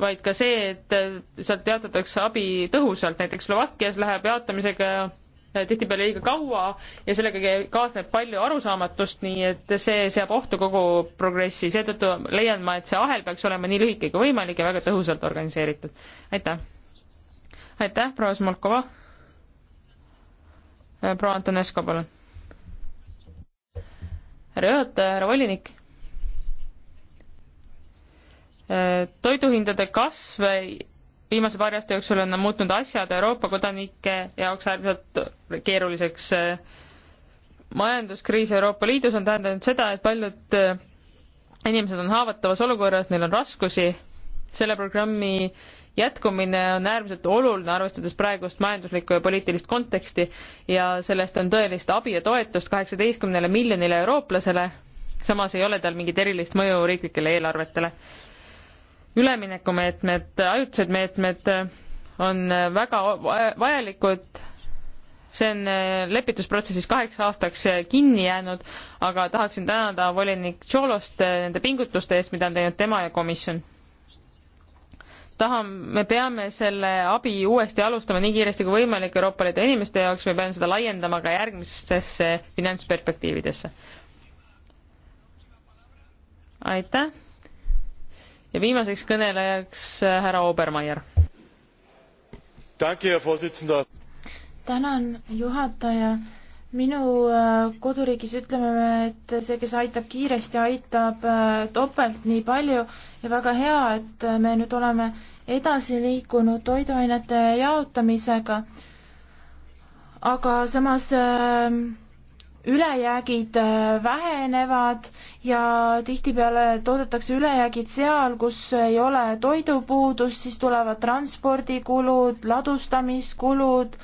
vaid ka see, et sealt jaotatakse abi tõhusalt, näiteks Slovakkias läheb jaotamisega äh, tihtipeale liiga kaua ja sellega kaasneb palju arusaamatust, nii et see seab ohtu kogu progressi, seetõttu leian ma, et see ahel peaks olema nii lühike kui võimalik ja väga tõhusalt organiseeritud. aitäh! aitäh, proua Smolkova! Äh, proua Antonescu, palun! härra juhataja, härra volinik. Äh, toiduhindade kasv viimase paari aasta jooksul on muutnud asjad Euroopa kodanike jaoks äärmiselt keeruliseks. Äh, majanduskriis Euroopa Liidus on tähendanud seda, et paljud äh, inimesed on haavatavas olukorras, neil on raskusi. selle programmi jätkumine on äärmiselt oluline, arvestades praegust majanduslikku ja poliitilist konteksti ja sellest on tõelist abi ja toetust kaheksateistkümnele miljonile eurooplasele, samas ei ole tal mingit erilist mõju riiklikele eelarvetele. üleminekumeetmed, ajutised meetmed on väga vajalikud, see on lepitusprotsessis kaheks aastaks kinni jäänud, aga tahaksin tänada volinik Tšolost nende pingutuste eest, mida on teinud tema ja komisjon tahame, me peame selle abi uuesti alustama nii kiiresti kui võimalik Euroopa Liidu inimeste jaoks, me peame seda laiendama ka järgmistesse finantsperspektiividesse. aitäh. ja viimaseks kõnelejaks äh, härra Obermeier. tänan, juhataja minu äh, koduriigis ütleme me, et see, kes aitab kiiresti, aitab äh, topelt nii palju ja väga hea, et me nüüd oleme edasi liikunud toiduainete jaotamisega, aga samas ähm, ülejäägid äh, vähenevad ja tihtipeale toodetakse ülejäägid seal, kus ei ole toidupuudust, siis tulevad transpordikulud, ladustamiskulud,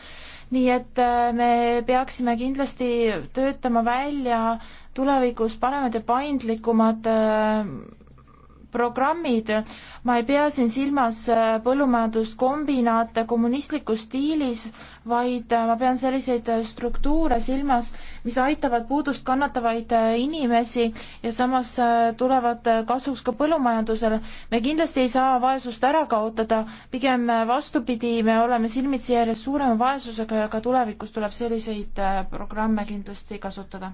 nii et äh, me peaksime kindlasti töötama välja tulevikus paremad ja paindlikumad äh, programmid. ma ei pea siin silmas äh, põllumajanduskombinaate kommunistlikus stiilis, vaid äh, ma pean selliseid äh, struktuure silmas, mis aitavad puudust kannatavaid inimesi ja samas tulevad kasuks ka põllumajandusele. me kindlasti ei saa vaesust ära kaotada, pigem vastupidi, me oleme silmitsi järjest suurema vaesusega ja ka tulevikus tuleb selliseid programme kindlasti kasutada.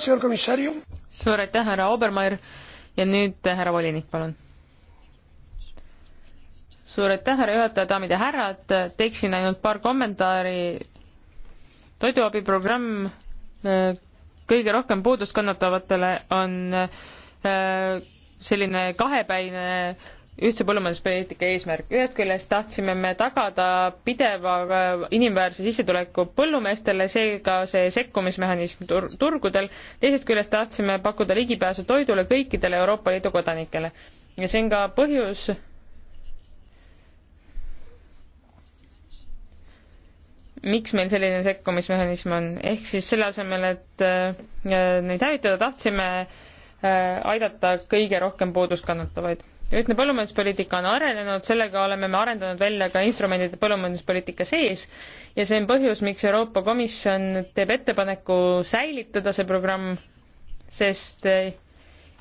suur aitäh, härra Obermeier ja nüüd eh, härra volinik, palun. suur aitäh, härra juhataja, daamid ja härrad, teeksin ainult paar kommentaari. toiduabiprogramm eh, kõige rohkem puudust kannatavatele on eh, selline kahepäine ühtse põllumajanduspoliitika eesmärk. ühest küljest tahtsime me tagada pideva äh, inimväärse sissetuleku põllumeestele, seega see sekkumismehhanism tur turgudel, teisest küljest tahtsime pakkuda ligipääsu toidule kõikidele Euroopa Liidu kodanikele. ja see on ka põhjus, miks meil selline sekkumismehhanism on, ehk siis selle asemel, et äh, neid hävitada, tahtsime äh, aidata kõige rohkem puudust kannatavaid ühtne põllumajanduspoliitika on arenenud, sellega oleme me arendanud välja ka instrumendid põllumajanduspoliitika sees ja see on põhjus, miks Euroopa Komisjon teeb ettepaneku säilitada see programm, sest eh,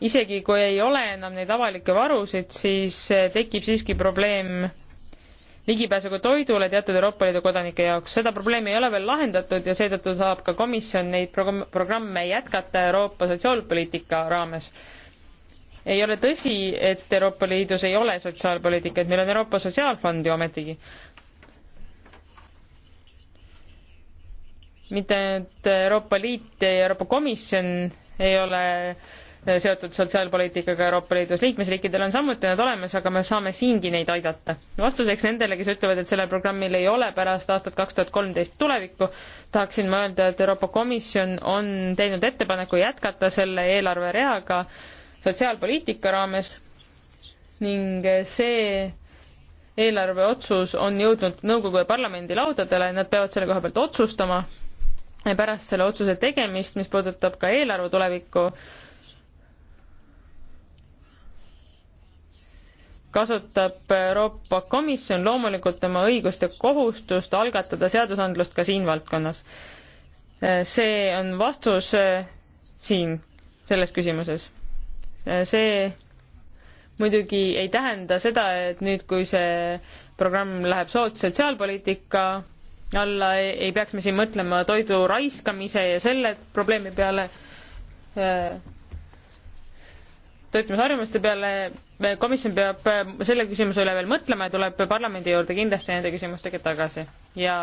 isegi kui ei ole enam neid avalikke varusid, siis eh, tekib siiski probleem ligipääsuga toidule teatud Euroopa Liidu kodanike jaoks. seda probleemi ei ole veel lahendatud ja seetõttu saab ka komisjon neid programme jätkata Euroopa sotsiaalpoliitika raames ei ole tõsi, et Euroopa Liidus ei ole sotsiaalpoliitikat, meil on Euroopa Sotsiaalfond ju ometigi. mitte ainult Euroopa Liit ja Euroopa Komisjon ei ole seotud sotsiaalpoliitikaga Euroopa Liidus, liikmesriikidel on samuti nad olemas, aga me saame siingi neid aidata. vastuseks nendele, kes ütlevad, et sellel programmil ei ole pärast aastat kaks tuhat kolmteist tulevikku, tahaksin ma öelda, et Euroopa Komisjon on teinud ettepaneku jätkata selle eelarvereaga äh, sotsiaalpoliitika raames ning see eelarveotsus on jõudnud nõukogu ja parlamendi laudadele, nad peavad selle koha pealt otsustama ja pärast selle otsuse tegemist, mis puudutab ka eelarve tulevikku, kasutab Euroopa Komisjon loomulikult oma õigust ja kohustust algatada seadusandlust ka siin valdkonnas. see on vastus äh, siin selles küsimuses see muidugi ei tähenda seda, et nüüd, kui see programm läheb soots sotsiaalpoliitika alla, ei peaks me siin mõtlema toidu raiskamise ja selle probleemi peale, äh, toitumisharjumuste peale. komisjon peab selle küsimuse üle veel mõtlema ja tuleb parlamendi juurde kindlasti nende küsimustega tagasi ja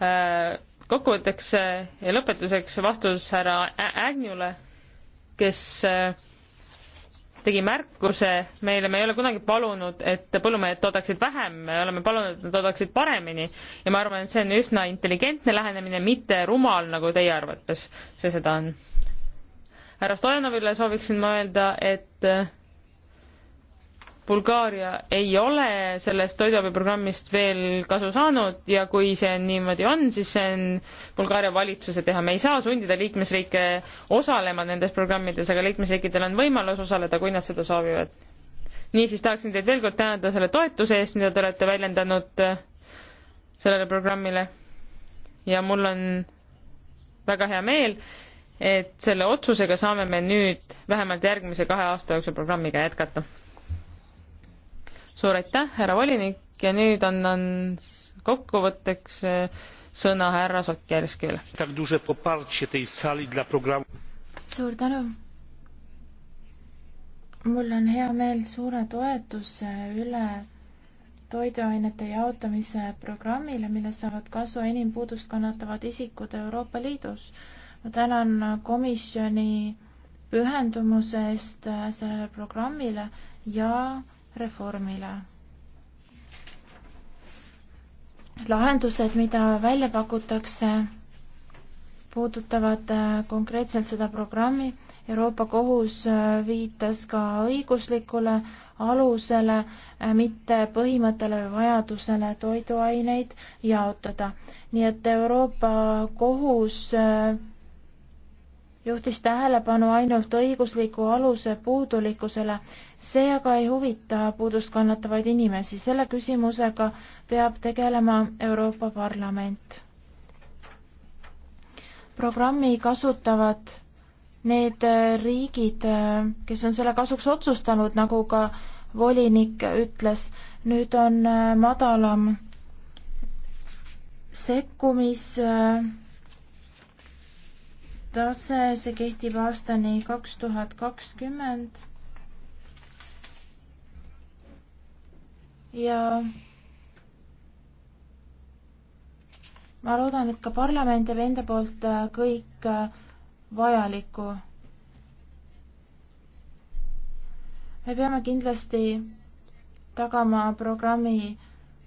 äh, kokkuvõtteks ja lõpetuseks vastus härra Ägnule, kes äh, tegi märkuse meile, me ei ole kunagi palunud, et põllumehed toodaksid vähem, me oleme palunud, et nad toodaksid paremini ja ma arvan, et see on üsna intelligentne lähenemine, mitte rumal, nagu teie arvates see seda on. härra Stojanovile sooviksin ma öelda, et Bulgaaria ei ole sellest toiduabiprogrammist veel kasu saanud ja kui see niimoodi on, siis see on Bulgaaria valitsuse teha. me ei saa sundida liikmesriike osalema nendes programmides, aga liikmesriikidel on võimalus osaleda, kui nad seda soovivad. niisiis tahaksin teid veel kord tänada selle toetuse eest, mida te olete väljendanud sellele programmile. ja mul on väga hea meel, et selle otsusega saame me nüüd vähemalt järgmise kahe aasta jooksul programmiga jätkata suur aitäh, härra volinik ja nüüd annan kokkuvõtteks äh, sõna härra Sokkerskile. suur tänu. mul on hea meel suure toetuse üle toiduainete jaotamise programmile, millest saavad kasu enim puudust kannatavad isikud Euroopa Liidus. ma tänan komisjoni pühendumuse eest sellele programmile ja reformile. lahendused, mida välja pakutakse, puudutavad äh, konkreetselt seda programmi. Euroopa Kohus äh, viitas ka õiguslikule alusele, äh, mitte põhimõttele või vajadusele toiduaineid jaotada. nii et Euroopa Kohus juhtis tähelepanu ainult õigusliku aluse puudulikkusele. see aga ei huvita puudust kannatavaid inimesi, selle küsimusega peab tegelema Euroopa Parlament. programmi kasutavad need riigid, kes on selle kasuks otsustanud, nagu ka volinik ütles, nüüd on madalam sekkumis äh, tase, see kehtib aastani kaks tuhat kakskümmend. ja ma loodan, et ka parlament teeb enda poolt kõik vajalikku. me peame kindlasti tagama programmi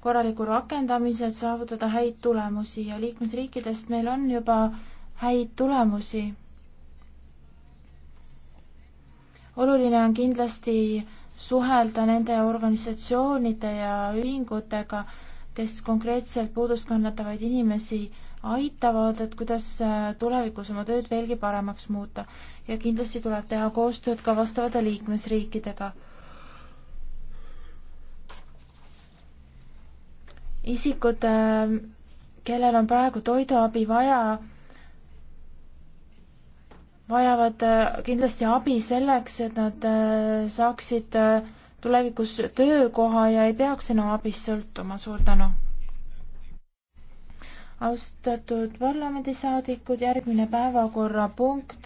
korraliku rakendamise, et saavutada häid tulemusi ja liikmesriikidest meil on juba häid tulemusi. oluline on kindlasti suhelda nende organisatsioonide ja ühingutega, kes konkreetselt puudust kannatavaid inimesi aitavad, et kuidas äh, tulevikus oma tööd veelgi paremaks muuta. ja kindlasti tuleb teha koostööd ka vastavate liikmesriikidega. isikud, äh, kellel on praegu toiduabi vaja, vajavad äh, kindlasti abi selleks, et nad äh, saaksid äh, tulevikus töökoha ja ei peaks enam abist sõltuma. suur tänu! austatud parlamendisaadikud, järgmine päevakorrapunkt